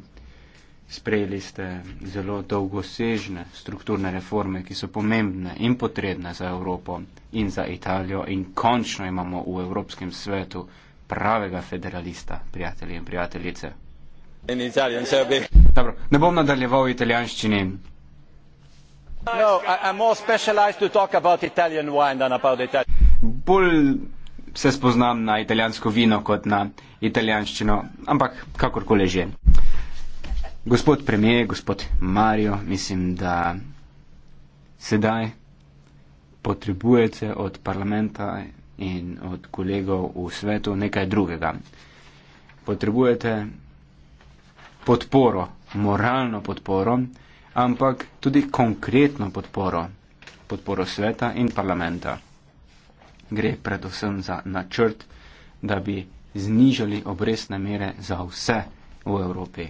Speaker 3: Sprejeli ste zelo dolgosežne strukturne reforme, ki so pomembne in potrebne za Evropo in za Italijo in končno imamo v Evropskem svetu pravega federalista, prijatelji in prijateljice.
Speaker 2: In Italijan, Dobro,
Speaker 3: ne bom nadaljeval v italijanščini. No, Bolj se spoznam na italijansko vino kot na italijanščino, ampak kakorkoli že. Gospod premijer, gospod Mario, mislim, da sedaj potrebujete od parlamenta in od kolegov v svetu nekaj drugega. Potrebujete podporo, moralno podporo, ampak tudi konkretno podporo, podporo sveta in parlamenta gre predvsem za načrt, da bi znižali obrestne mere za vse v Evropi.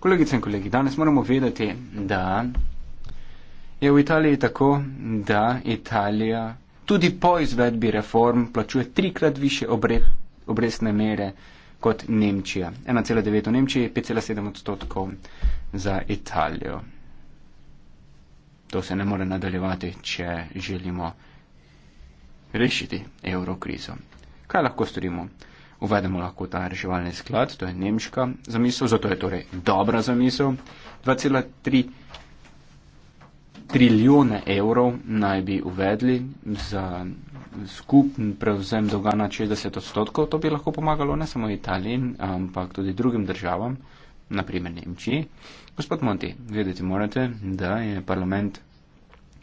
Speaker 3: Kolegice in kolegi, danes moramo vedeti, da je v Italiji tako, da Italija tudi po izvedbi reform plačuje trikrat više obrestne mere kot Nemčija. 1,9 v Nemčiji, 5,7 odstotkov za Italijo. To se ne more nadaljevati, če želimo rešiti eurokrizo. Kaj lahko storimo? Uvedemo lahko ta reševalni sklad, to je nemška zamisel, zato je torej dobra zamisel. 2,3 trilijone evrov naj bi uvedli za skupen prevzem dolga na 60 odstotkov. To bi lahko pomagalo ne samo Italiji, ampak tudi drugim državam, naprimer Nemčiji. Gospod Monti, vedeti morate, da je parlament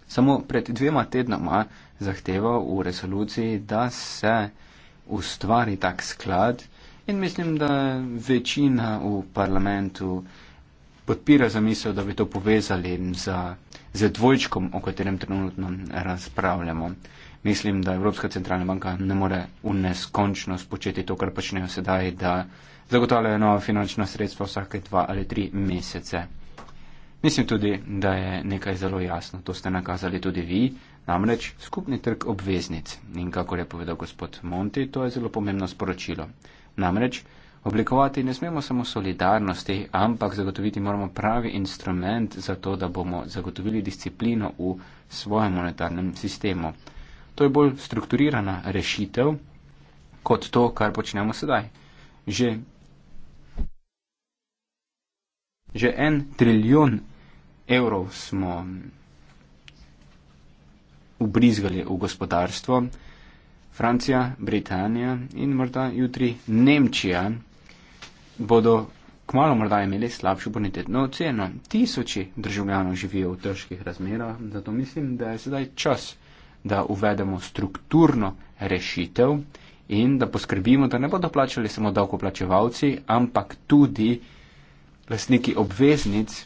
Speaker 3: samo pred dvema tednama zahteval v resoluciji, da se ustvari tak sklad in mislim, da večina v parlamentu podpira zamisel, da bi to povezali z, z dvojčkom, o katerem trenutno razpravljamo. Mislim, da Evropska centralna banka ne more v neskončnost početi to, kar počnejo sedaj, da zagotavljajo nova finančna sredstva vsake dva ali tri mesece. Mislim tudi, da je nekaj zelo jasno, to ste nakazali tudi vi, Namreč skupni trg obveznic in kako je povedal gospod Monti, to je zelo pomembno sporočilo. Namreč oblikovati ne smemo samo solidarnosti, ampak zagotoviti moramo pravi instrument za to, da bomo zagotovili disciplino v svojem monetarnem sistemu. To je bolj strukturirana rešitev kot to, kar počnemo sedaj. Že, že en trilijon evrov smo ubrizgali v gospodarstvo. Francija, Britanija in morda jutri Nemčija bodo kmalo morda imeli slabšo bonitetno oceno. Tisoči državljanov živijo v težkih razmerah, zato mislim, da je sedaj čas, da uvedemo strukturno rešitev in da poskrbimo, da ne bodo plačali samo davkoplačevalci, ampak tudi lasniki obveznic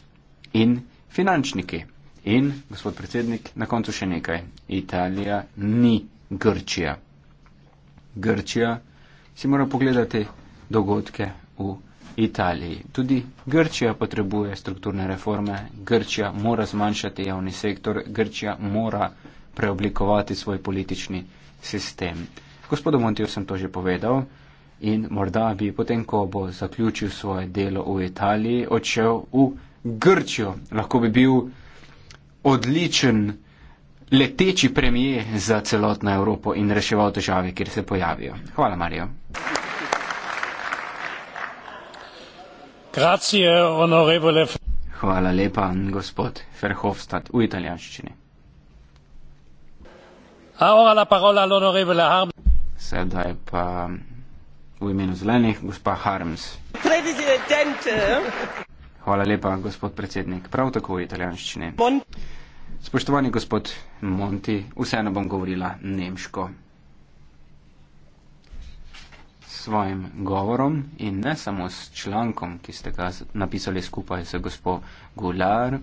Speaker 3: in finančniki. In, gospod predsednik, na koncu še nekaj. Italija ni Grčija. Grčija si mora pogledati dogodke v Italiji. Tudi Grčija potrebuje strukturne reforme, Grčija mora zmanjšati javni sektor, Grčija mora preoblikovati svoj politični sistem. Gospodu Montiju sem to že povedal in morda bi potem, ko bo zaključil svoje delo v Italiji, odšel v Grčijo. Lahko bi bil odličen leteči premije za celotno Evropo in reševal težave, kjer se pojavijo. Hvala, Marijo. Hvala lepa, gospod Ferhofstad v italijanščini. Sedaj pa v imenu zelenih, gospa Harms.
Speaker 5: Predsednik.
Speaker 3: Hvala lepa, gospod predsednik. Prav tako v italijanščini. Bon. Spoštovani gospod Monti, vseeno bom govorila nemško. Svojim govorom in ne samo s člankom, ki ste ga napisali skupaj z gospod Gular,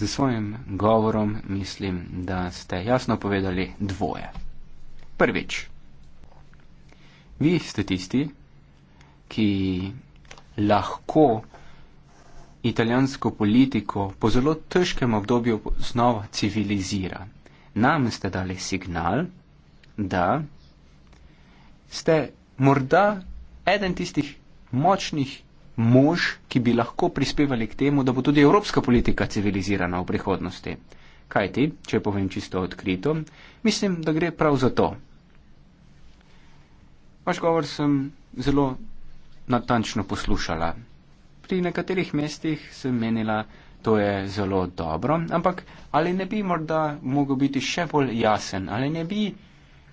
Speaker 3: z svojim govorom mislim, da ste jasno povedali dvoje. Prvič, vi ste tisti, ki lahko italijansko politiko po zelo težkem obdobju znova civilizira. Nam ste dali signal, da ste morda eden tistih močnih mož, ki bi lahko prispevali k temu, da bo tudi evropska politika civilizirana v prihodnosti. Kaj ti, če povem čisto odkrito, mislim, da gre prav za to. Vaš govor sem zelo natančno poslušala pri nekaterih mestih sem menila, to je zelo dobro, ampak ali ne bi morda mogel biti še bolj jasen, ali ne bi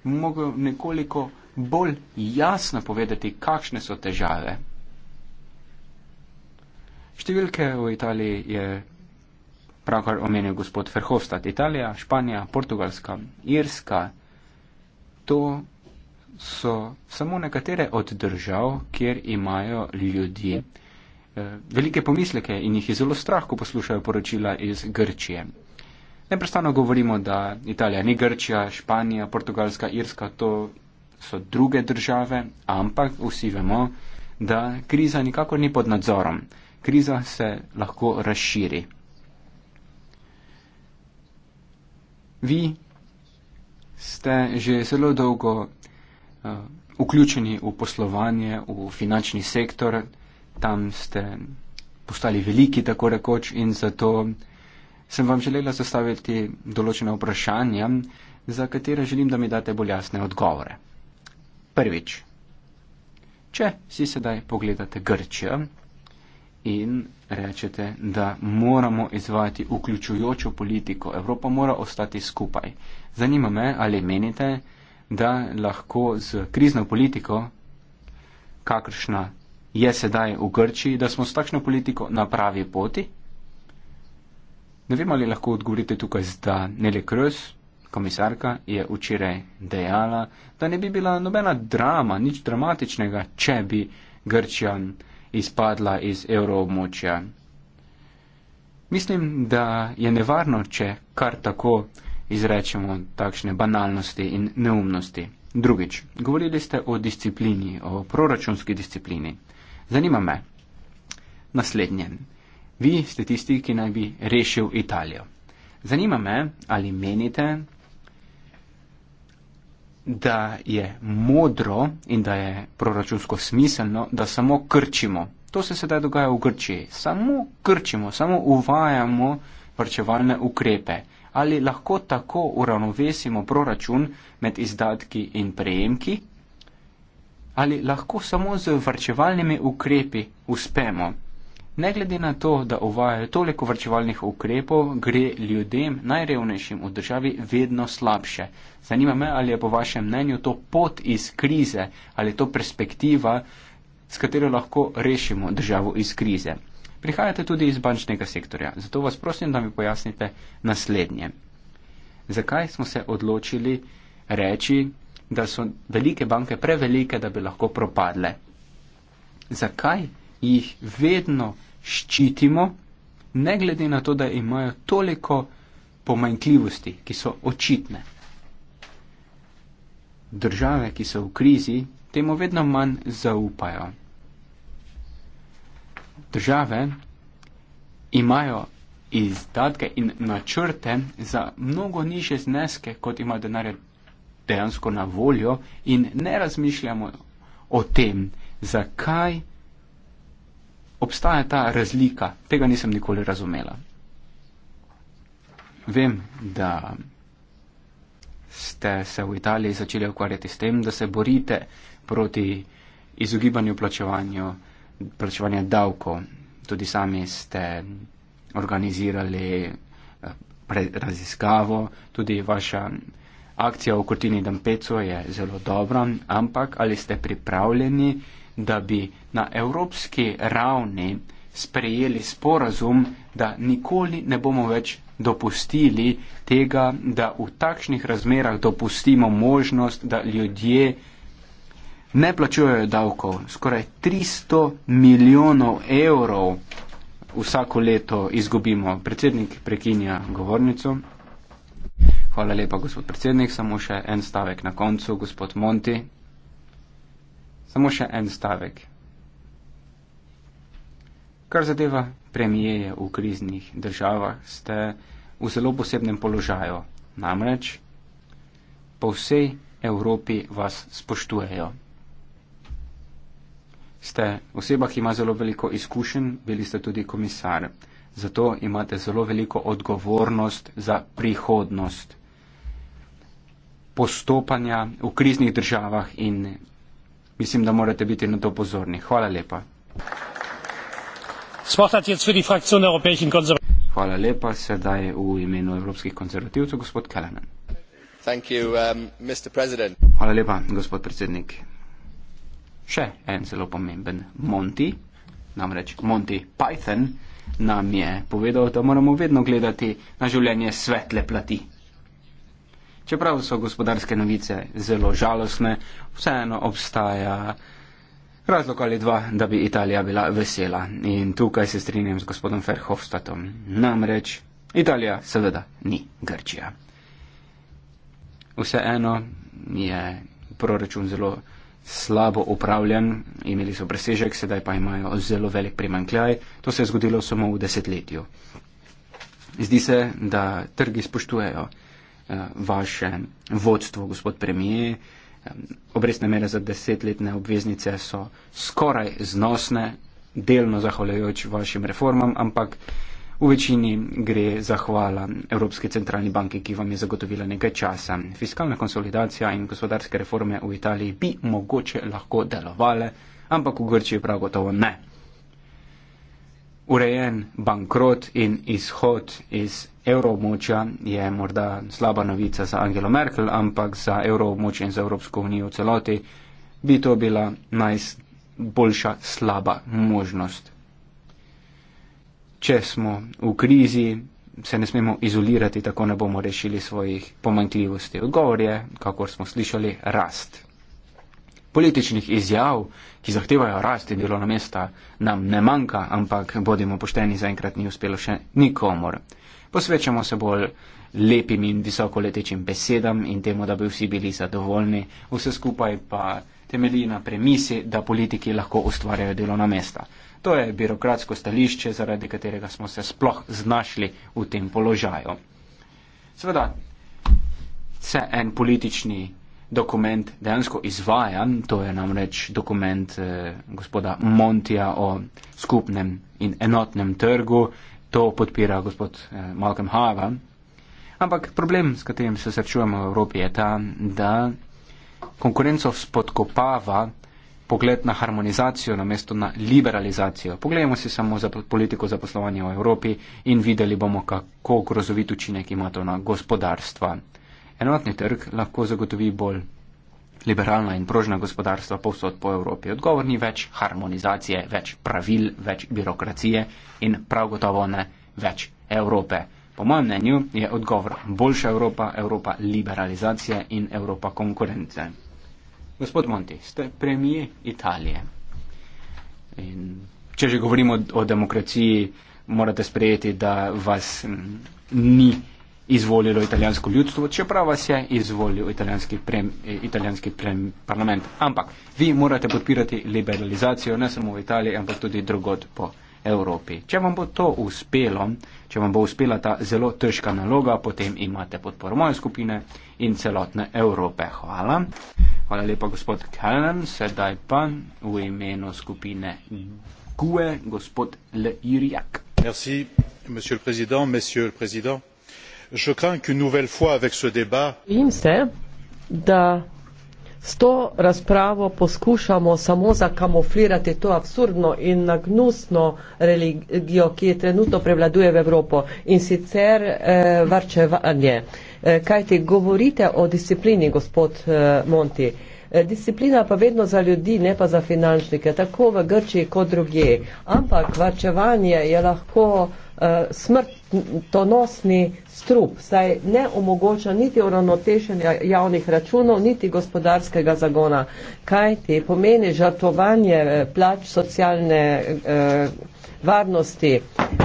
Speaker 3: mogel nekoliko bolj jasno povedati, kakšne so težave. Številke v Italiji je pravkar omenil gospod Verhofstadt. Italija, Španija, Portugalska, Irska, to so samo nekatere od držav, kjer imajo ljudi. Yep. Eh, velike pomisleke in jih je zelo strah, ko poslušajo poročila iz Grčije. Neprestano govorimo, da Italija ni Grčija, Španija, Portugalska, Irska, to so druge države, ampak vsi vemo, da kriza nikakor ni pod nadzorom. Kriza se lahko razširi. Vi ste že zelo dolgo uh, vključeni v poslovanje, v finančni sektor tam ste postali veliki, tako rekoč, in zato sem vam želela zastaviti določene vprašanja, za katera želim, da mi date bolj jasne odgovore. Prvič, če si sedaj pogledate Grčijo in rečete, da moramo izvajati vključujočo politiko, Evropa mora ostati skupaj. Zanima me, ali menite, da lahko z krizno politiko, kakršna je sedaj v Grčiji, da smo s takšno politiko na pravi poti? Ne vem, ali lahko odgovorite tukaj, da Nele Kröz, komisarka, je včeraj dejala, da ne bi bila nobena drama, nič dramatičnega, če bi Grčija izpadla iz evroobmočja. Mislim, da je nevarno, če kar tako izrečemo takšne banalnosti in neumnosti. Drugič, govorili ste o disciplini, o proračunski disciplini. Zanima me naslednje. Vi ste tisti, ki naj bi rešil Italijo. Zanima me, ali menite, da je modro in da je proračunsko smiselno, da samo krčimo. To se sedaj dogaja v Grčiji. Samo krčimo, samo uvajamo vrčevalne ukrepe. Ali lahko tako uravnovesimo proračun med izdatki in prejemki, ali lahko samo z vrčevalnimi ukrepi uspemo. Ne glede na to, da uvajajo toliko vrčevalnih ukrepov, gre ljudem najrevnejšim v državi vedno slabše. Zanima me, ali je po vašem mnenju to pot iz krize, ali je to perspektiva, s katero lahko rešimo državo iz krize. Prihajate tudi iz bančnega sektorja, zato vas prosim, da mi pojasnite naslednje. Zakaj smo se odločili reči, da so velike banke prevelike, da bi lahko propadle. Zakaj jih vedno ščitimo, ne glede na to, da imajo toliko pomanjkljivosti, ki so očitne? Države, ki so v krizi, temu vedno manj zaupajo. Države imajo izdatke in načrte za mnogo niže zneske, kot ima denarja dejansko na voljo in ne razmišljamo o tem, zakaj obstaja ta razlika. Tega nisem nikoli razumela. Vem, da ste se v Italiji začeli ukvarjati s tem, da se borite proti izogibanju plačevanju, plačevanja davkov. Tudi sami ste organizirali eh, raziskavo, tudi vaša Akcija v Kurtini Dampeco je zelo dobra, ampak ali ste pripravljeni, da bi na evropski ravni sprejeli sporazum, da nikoli ne bomo več dopustili tega, da v takšnih razmerah dopustimo možnost, da ljudje ne plačujejo davkov. Skoraj 300 milijonov evrov vsako leto izgubimo. Predsednik prekinja govornico. Hvala lepa, gospod predsednik. Samo še en stavek na koncu, gospod Monti. Samo še en stavek. Kar zadeva premijeje v kriznih državah, ste v zelo posebnem položaju. Namreč, po vsej Evropi vas spoštujejo. Ste oseba, ki ima zelo veliko izkušenj, bili ste tudi komisar. Zato imate zelo veliko odgovornost za prihodnost postopanja v kriznih državah in mislim, da morate biti na to pozorni. Hvala lepa. Hvala lepa, sedaj v imenu evropskih konzervativcev gospod Kalanen.
Speaker 2: Um,
Speaker 3: Hvala lepa, gospod predsednik. Še en zelo pomemben Monti, namreč Monti Python, nam je povedal, da moramo vedno gledati na življenje svetle plati. Čeprav so gospodarske novice zelo žalostne, vseeno obstaja razlog ali dva, da bi Italija bila vesela. In tukaj se strinjam z gospodom Ferhofstatom. Namreč, Italija seveda ni Grčija. Vseeno je proračun zelo slabo upravljen, imeli so presežek, sedaj pa imajo zelo velik primankljaj. To se je zgodilo samo v desetletju. Zdi se, da trgi spoštujejo. Eh, vaše vodstvo, gospod premije. Eh, obrestne mere za desetletne obveznice so skoraj znosne, delno zahvaljujoč vašim reformam, ampak v večini gre zahvala Evropske centralne banke, ki vam je zagotovila nekaj časa. Fiskalna konsolidacija in gospodarske reforme v Italiji bi mogoče lahko delovale, ampak v Grčiji prav gotovo ne. Urejen bankrot in izhod iz evroobmočja je morda slaba novica za Angelo Merkel, ampak za evroobmočje in za Evropsko unijo v celoti bi to bila najboljša slaba možnost. Če smo v krizi, se ne smemo izolirati, tako ne bomo rešili svojih pomankljivosti. Odgovor je, kakor smo slišali, rast. Političnih izjav, ki zahtevajo rast in delovna mesta, nam ne manjka, ampak bodimo pošteni, zaenkrat ni uspelo še nikomor posvečamo se bolj lepim in visokoletečim besedam in temu, da bi vsi bili zadovoljni, vse skupaj pa temelji na premisi, da politiki lahko ustvarjajo delovna mesta. To je birokratsko stališče, zaradi katerega smo se sploh znašli v tem položaju. Sveda, se en politični dokument dejansko izvaja, to je namreč dokument eh, gospoda Montija o skupnem in enotnem trgu, to podpira gospod eh, Malcolm Hava. Ampak problem, s katerim se srečujemo v Evropi, je ta, da konkurenco spodkopava pogled na harmonizacijo namesto na liberalizacijo. Poglejmo si samo za politiko zaposlovanja v Evropi in videli bomo, kako grozovit učinek ima to na gospodarstva. Enotni trg lahko zagotovi bolj liberalna in prožna gospodarstva povsod po Evropi. Odgovor ni več harmonizacije, več pravil, več birokracije in prav gotovo ne več Evrope. Po mojem mnenju je odgovor boljša Evropa, Evropa liberalizacije in Evropa konkurence. Gospod Monti, ste premije Italije. In če že govorimo o, o demokraciji, morate sprejeti, da vas m, mm, ni izvolilo italijansko ljudstvo, čeprav vas je izvolil italijanski, prem, eh, italijanski prem parlament. Ampak vi morate podpirati liberalizacijo ne samo v Italiji, ampak tudi drugod po Evropi. Če vam bo to uspelo, če vam bo uspela ta zelo težka naloga, potem imate podporo moje skupine in celotne Evrope. Hvala. Hvala lepa, gospod Kellen. Sedaj pa v imenu skupine
Speaker 1: GUE, gospod Le Irjak. Merci, monsieur le président, monsieur le président je crains qu'une nouvelle fois avec ce débat
Speaker 5: S to razpravo poskušamo samo zakamuflirati to absurdno in nagnusno religijo, ki je trenutno prevladuje v Evropo in sicer eh, varčevanje. Eh, kaj ti govorite o disciplini, gospod eh, Monti? Eh, Eh, disciplina pa vedno za ljudi, ne pa za finančnike, tako v Grčiji kot druge. Ampak vačevanje je lahko uh, eh, smrtonosni strup, saj ne omogoča niti uravnotešenja javnih računov, niti gospodarskega zagona. Kaj ti pomeni žrtovanje eh, plač socialne uh, varnosti?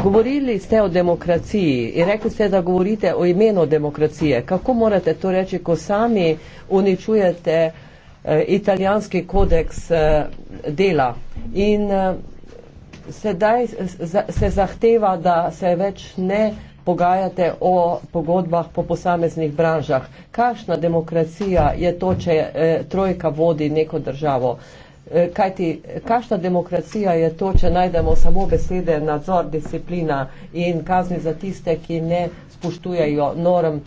Speaker 5: Govorili ste o demokraciji in rekli ste, da govorite o imenu demokracije. Kako morate to reči, ko sami uničujete Eh, italijanski kodeks eh, dela. In eh, sedaj se zahteva, da se več ne pogajate o pogodbah po posameznih branžah. Kakšna demokracija je to, če trojka vodi neko državo? Kajti, kakšna demokracija je to, če najdemo samo besede nadzor, disciplina in kazni za tiste, ki ne spoštujejo norm?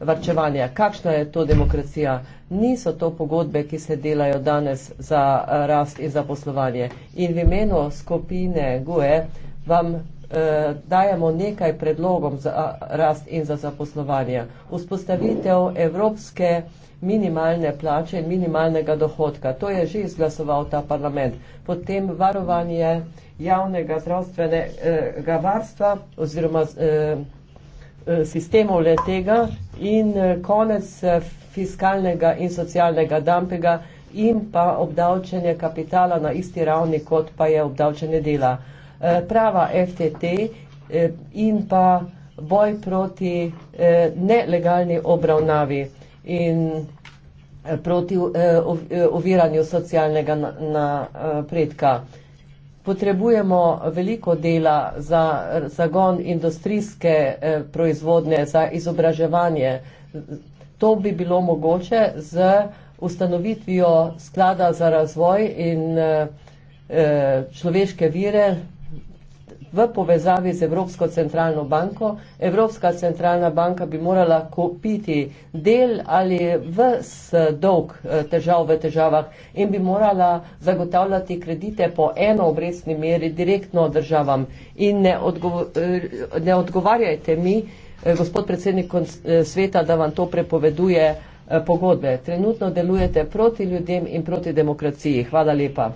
Speaker 5: varčevanje. Kakšna je to demokracija? Niso to pogodbe, ki se delajo danes za eh, rast in za poslovanje. In v imenu skupine GUE vam eh, dajemo nekaj predlogom za eh, rast in za zaposlovanje. Vzpostavitev evropske minimalne plače in minimalnega dohodka. To je že izglasoval ta parlament. Potem varovanje javnega zdravstvenega varstva oziroma eh, Eh, sistemov letega in eh, konec eh, fiskalnega in socialnega dampega in pa obdavčenje kapitala na isti ravni, kot pa je obdavčenje dela. Prava FTT in pa boj proti nelegalni obravnavi in proti oviranju socialnega napredka. Na potrebujemo veliko dela za zagon industrijske eh, proizvodnje, za izobraževanje. To bi bilo mogoče z ustanovitvijo sklada za razvoj in eh, eh, človeške vire, v povezavi z Evropsko centralno banko. Evropska centralna banka bi morala kupiti del ali vs dolg eh, težav v državah in bi morala zagotavljati kredite po eno obrestni meri direktno državam. In ne, odgo eh, ne odgovarjajte mi, eh, gospod predsednik sveta, da vam to prepoveduje pogodbe. Trenutno delujete proti ljudem in proti demokraciji. Hvala lepa.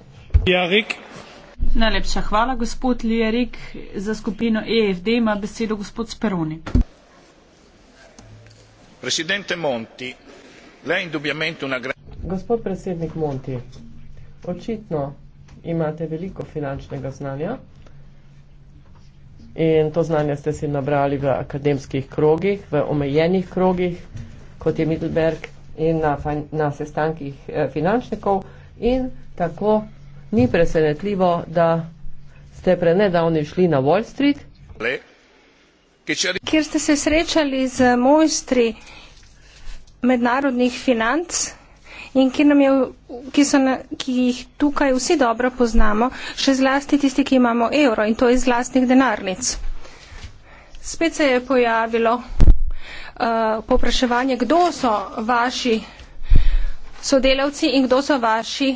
Speaker 5: Ja, Rik. Najlepša hvala, gospod Lijerik. Za skupino EFD ima besedo gospod Speroni.
Speaker 2: Presidente Monti, le indubjamento na gre.
Speaker 5: Gospod predsednik Monti, očitno imate veliko finančnega znanja in to znanje ste si nabrali v akademskih krogih, v omejenih krogih, kot je Middleberg in na, na sestankih eh, finančnikov in tako ni presenetljivo, da ste
Speaker 6: prenedavni šli na Wall Street, kjer ste se srečali z mojstri mednarodnih financ in ki, je, ki, so, ki jih tukaj vsi dobro poznamo, še zlasti tisti, ki imamo evro in to iz vlastnih denarnic. Spet se je pojavilo uh, eh, popraševanje, kdo so vaši sodelavci in kdo so vaši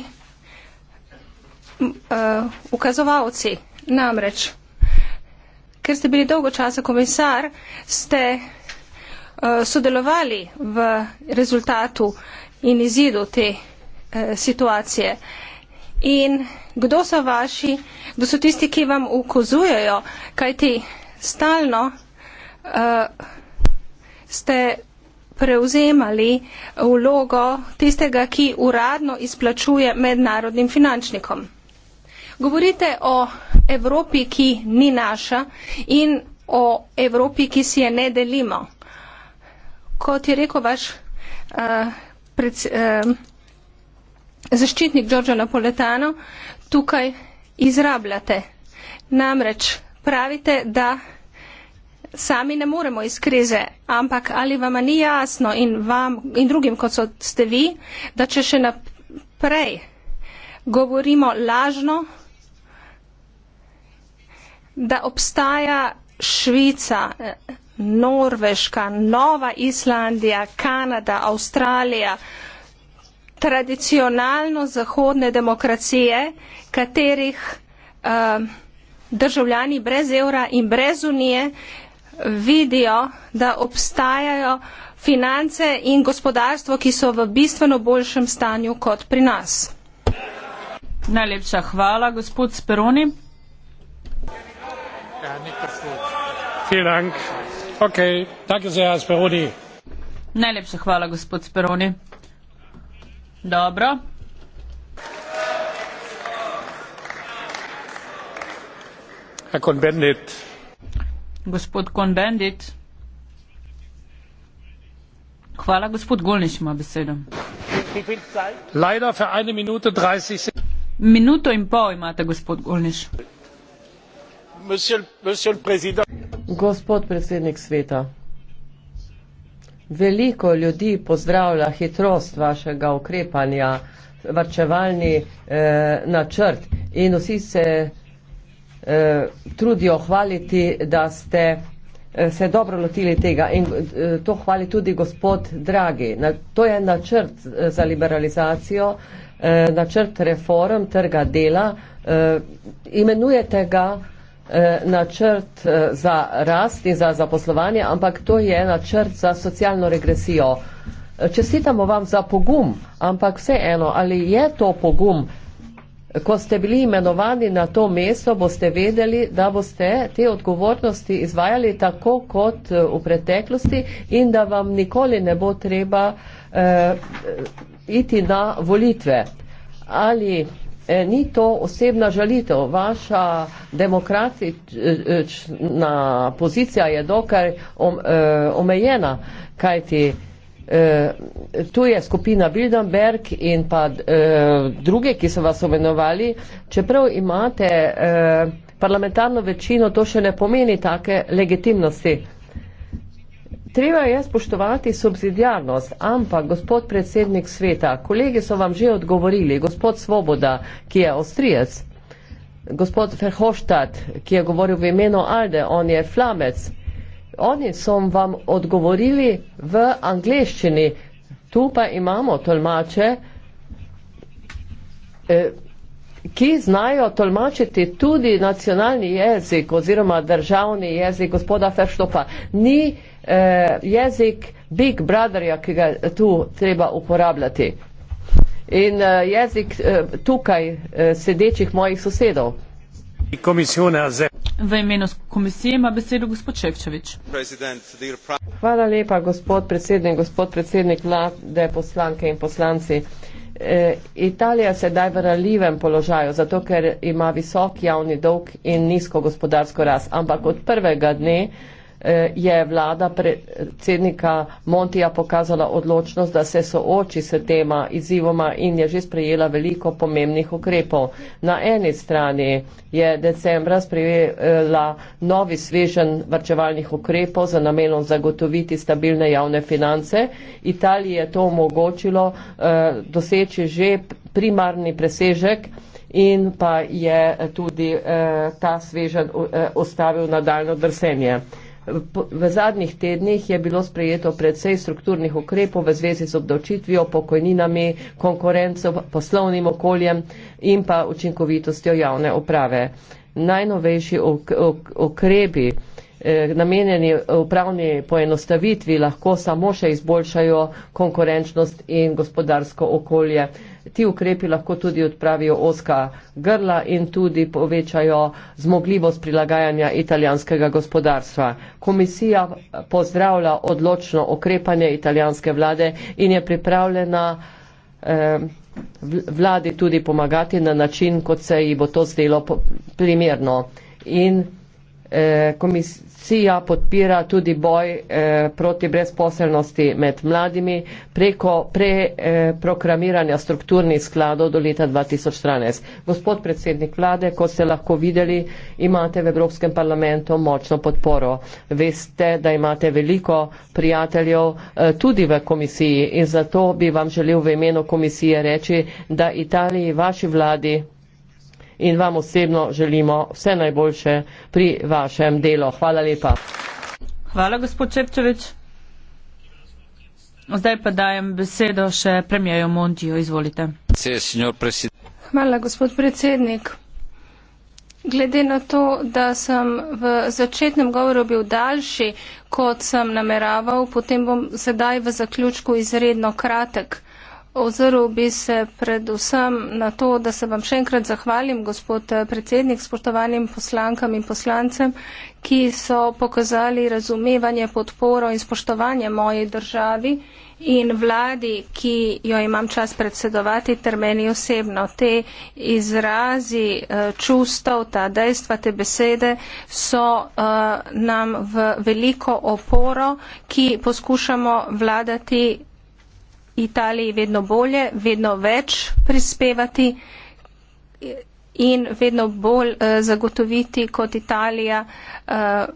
Speaker 6: uh, ukazovalci. Namreč, ker ste bili dolgo časa komisar, ste uh, sodelovali v rezultatu in izidu te uh, situacije. In kdo so vaši, kdo so tisti, ki vam ukazujejo, kaj ti stalno uh, ste preuzemali vlogo tistega, ki uradno izplačuje mednarodnim finančnikom. Govorite o Evropi, ki ni naša in o Evropi, ki si je ne delimo. Kot je rekel vaš uh, eh, pred, uh, eh, zaščitnik Đorđa Napoletano, tukaj izrabljate. Namreč pravite, da sami ne moremo iz krize, ampak ali vam ni jasno in vam in drugim, kot so ste vi, da če še naprej govorimo lažno, da obstaja Švica, Norveška, Nova Islandija, Kanada, Avstralija, tradicionalno zahodne demokracije, katerih eh, državljani brez evra in brez unije vidijo, da obstajajo finance in gospodarstvo, ki so v bistveno boljšem stanju kot pri nas. Najlepša hvala, gospod Speroni.
Speaker 1: Ja, Najlepša hvala, gospod Speroni. Dobro. Herr Kohn Bendit.
Speaker 5: Gospod Kohn Bendit. Hvala, gospod Golniš ima besedo.
Speaker 1: Leider für eine Minute 30 Minuto in pol imate, gospod Golniš.
Speaker 5: Gospod predsednik sveta, veliko ljudi pozdravlja hitrost vašega ukrepanja, varčevalni eh, načrt in vsi se eh, trudijo hvaliti, da ste eh, se dobro lotili tega in eh, to hvali tudi gospod Dragi. To je načrt eh, za liberalizacijo, načrt reform trga dela. Imenujete ga Eh, načrt eh, za rast in za zaposlovanje, ampak to je načrt za socialno regresijo. Eh, čestitamo vam za pogum, ampak vseeno, ali je to pogum? Ko ste bili imenovani na to mesto, boste vedeli, da boste te odgovornosti izvajali tako kot v preteklosti in da vam nikoli ne bo treba uh, iti na volitve. Ali E, ni to osebna žalitev. Vaša demokratična pozicija je dokaj e, omejena, kajti e, tu je skupina Bildenberg in pa druge, ki so vas omenovali. Čeprav imate parlamentarno večino, to še ne pomeni take legitimnosti. Treba je spoštovati subsidijarnost, ampak gospod predsednik sveta, kolege so vam že odgovorili, gospod Svoboda, ki je ostrijec, gospod Verhoštat, ki je govoril v imenu Alde, on je flamec. Oni so vam odgovorili v angleščini, tu pa imamo tolmače. E, ki znajo tolmačiti tudi nacionalni jezik oziroma državni jezik gospoda Ferštopa, ni eh, jezik Big Brotherja, ki ga tu treba uporabljati. In eh, jezik eh, tukaj eh, sedečih mojih sosedov. V imenu komisije ima besedo gospod Ševčevič. Hvala lepa, gospod predsednik, gospod predsednik vlade, poslanke in poslanci. Eh, Eh, Italija je sedaj v raljivem položaju, zato ker ima visok javni dolg in nizko gospodarsko rast. Ampak od prvega dne Eh, je vlada predsednika Montija pokazala odločnost, da se sooči s tema izzivoma in je že sprejela veliko pomembnih ukrepov. Na eni strani je decembra sprejela novi svežen vrčevalnih ukrepov za namenom zagotoviti stabilne javne finance. Italiji je to omogočilo eh, doseči že primarni presežek in pa je tudi eh, ta svežen ustavil nadaljno drsenje. V zadnjih tednih je bilo sprejeto predvsej strukturnih ukrepov v zvezi z obdavčitvijo, pokojninami, konkurencov, poslovnim okoljem in pa učinkovitostjo javne uprave. Najnovejši ukrepi ok ok ok ok ok ok ok ok Eh, namenjeni upravni poenostavitvi lahko samo še izboljšajo konkurenčnost in gospodarsko okolje. Ti ukrepi lahko tudi odpravijo oska grla in tudi povečajo zmogljivost prilagajanja italijanskega gospodarstva. Komisija pozdravlja odločno okrepanje italijanske vlade in je pripravljena eh, vladi tudi pomagati na način, kot se ji bo to zdelo primerno. In E, komisija podpira tudi boj e, proti brezposelnosti med mladimi preko preprogramiranja strukturnih skladov do leta 2014. Gospod predsednik vlade, kot ste lahko videli, imate v Evropskem parlamentu močno podporo. Veste, da imate veliko prijateljev e, tudi v komisiji in zato bi vam želel v imenu komisije reči, da Italiji vaši vladi in vam osebno želimo vse najboljše pri vašem delu. Hvala lepa. Hvala, gospod Čepčevič. Zdaj pa dajem besedo še premijeju Montijo. Izvolite.
Speaker 6: Hvala, gospod predsednik. Glede na to, da sem v začetnem govoru bil daljši, kot sem nameraval, potem bom sedaj v zaključku izredno kratek ozrl bi se predvsem na to, da se vam še enkrat zahvalim, gospod predsednik, spoštovanim poslankam in poslancem, ki so pokazali razumevanje, podporo in spoštovanje moji državi in vladi, ki jo imam čas predsedovati, ter meni osebno. Te izrazi eh, čustov, ta dejstva, te besede so eh, nam v veliko oporo, ki poskušamo vladati Italiji vedno bolje, vedno več prispevati in vedno bolj eh, zagotoviti kot Italija eh,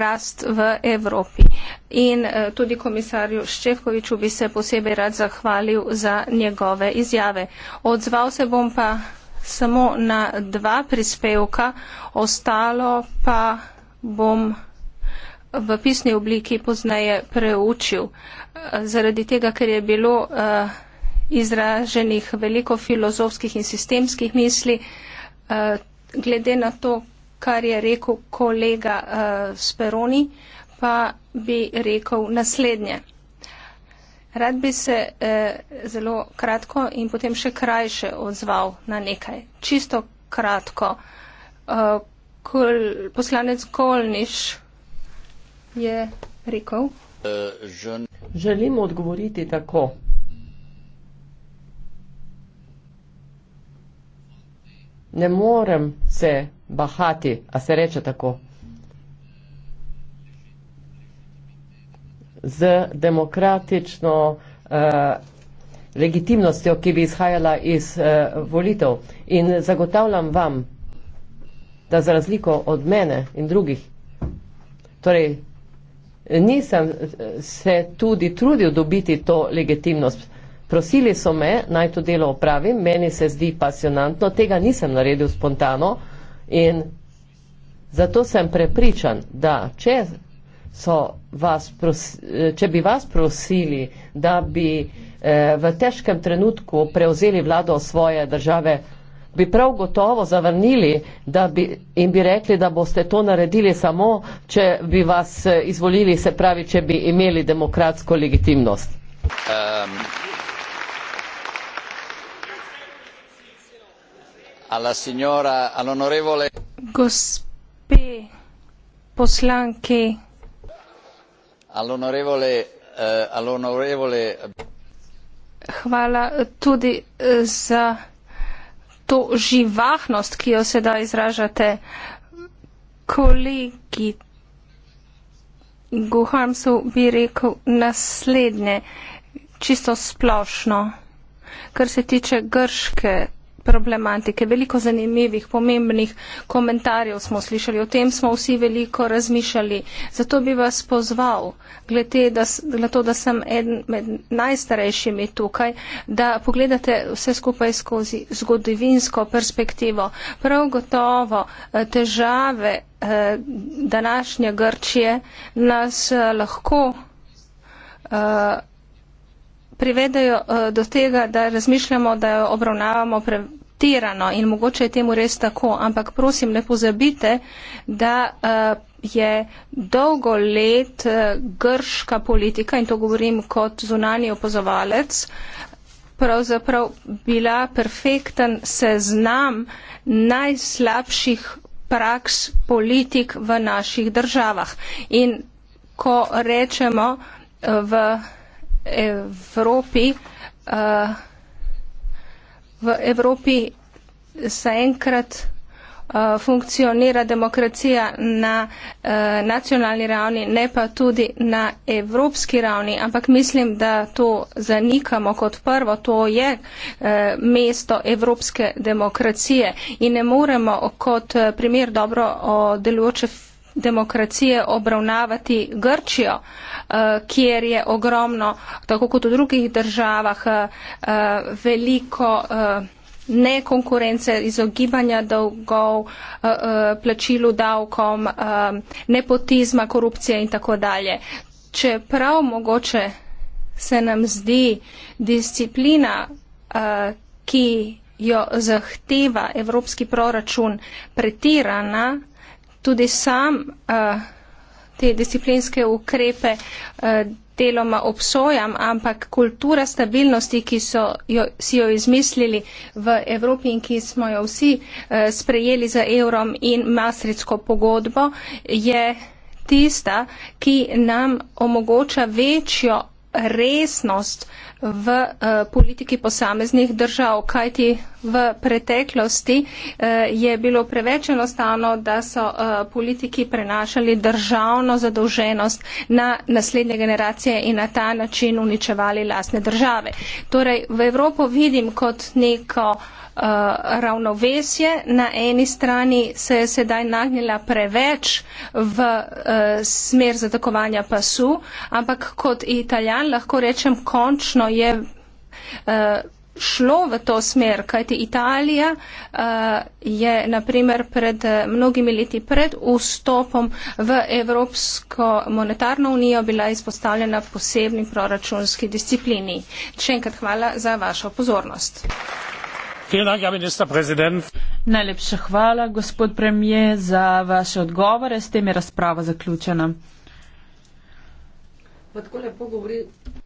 Speaker 6: rast v Evropi. In eh, tudi komisarju Ščefkoviču bi se posebej rad zahvalil za njegove izjave. Odzval se bom pa samo na dva prispevka, ostalo pa bom v pisni obliki poznaje preučil. Zaradi tega, ker je bilo eh, izraženih veliko filozofskih in sistemskih misli, eh, glede na to, kar je rekel kolega eh, Speroni, pa bi rekel naslednje. Rad bi se eh, zelo kratko in potem še krajše odzval na nekaj. Čisto kratko. Eh, kol, poslanec Kolniš je rekel.
Speaker 5: Želim odgovoriti tako. Ne morem se bahati, a se reče tako, z demokratično uh, legitimnostjo, ki bi izhajala iz uh, volitev. In zagotavljam vam, da za razliko od mene in drugih, torej nisem eh, se tudi trudil dobiti to legitimnost. Prosili so me, naj to delo opravim, meni se zdi pasionantno, tega nisem naredil spontano in zato sem prepričan, da če, vas prosi, eh, če bi vas prosili, da bi eh, v težkem trenutku prevzeli vlado svoje države, bi prav gotovo zavrnili bi, in bi rekli, da boste to naredili samo, če bi vas eh, izvolili, se pravi, če bi imeli demokratsko legitimnost.
Speaker 2: Um. Alla signora, all'onorevole.
Speaker 6: Gospe poslanki.
Speaker 2: All'onorevole, uh, all'onorevole.
Speaker 6: Hvala tudi eh, za to živahnost, ki jo sedaj izražate, kolegi Guharmsu bi rekel naslednje, čisto splošno, kar se tiče grške problematike. Veliko zanimivih, pomembnih komentarjev smo slišali, o tem smo vsi veliko razmišljali. Zato bi vas pozval, glede da, glede to, da sem eden med najstarejšimi tukaj, da pogledate vse skupaj skozi zgodovinsko perspektivo. Prav gotovo eh, težave eh, današnje Grčije nas eh, lahko privedejo eh, do tega, da razmišljamo, da jo obravnavamo pretirano in mogoče je temu res tako, ampak prosim, ne pozabite, da eh, je dolgo let eh, grška politika, in to govorim kot zunani opozovalec, pravzaprav bila perfekten seznam najslabših praks politik v naših državah. In ko rečemo v Evropi, uh, v Evropi zaenkrat eh, funkcionira demokracija na eh, nacionalni ravni, ne pa tudi na evropski ravni, ampak mislim, da to zanikamo kot prvo, to je eh, mesto evropske demokracije in ne moremo kot eh, primer dobro delujoče demokracije obravnavati Grčijo, eh, kjer je ogromno, tako kot v drugih državah, eh, veliko eh, nekonkurence, izogibanja dolgov, plačilu davkom, nepotizma, korupcije in tako dalje. Čeprav mogoče se nam zdi disciplina, ki jo zahteva evropski proračun pretirana, tudi sam eh, te disciplinske ukrepe eh, deloma obsojam, ampak kultura stabilnosti, ki so jo, si jo izmislili v Evropi in ki smo jo vsi eh, sprejeli za evrom in masritsko pogodbo, je tista, ki nam omogoča večjo resnost v uh, politiki posameznih držav, kajti v preteklosti uh, je bilo preveč enostavno, da so uh, politiki prenašali državno zadolženost na naslednje generacije in na ta način uničevali lastne države. Torej, v Evropo vidim kot neko uh, ravnovesje. Na eni strani se je sedaj nagnila preveč v uh, smer zatakovanja pasu, ampak kot italijan lahko rečem končno sigurno je uh, šlo v to smer, kajti Italija uh, je naprimer pred eh, mnogimi leti pred vstopom v Evropsko monetarno unijo bila izpostavljena posebni proračunski disciplini. Še enkrat hvala za vašo pozornost. Dank, Herr Najlepša hvala, gospod premije, za vaše odgovore. S tem je razprava zaključena.
Speaker 5: Pa tako lepo govori.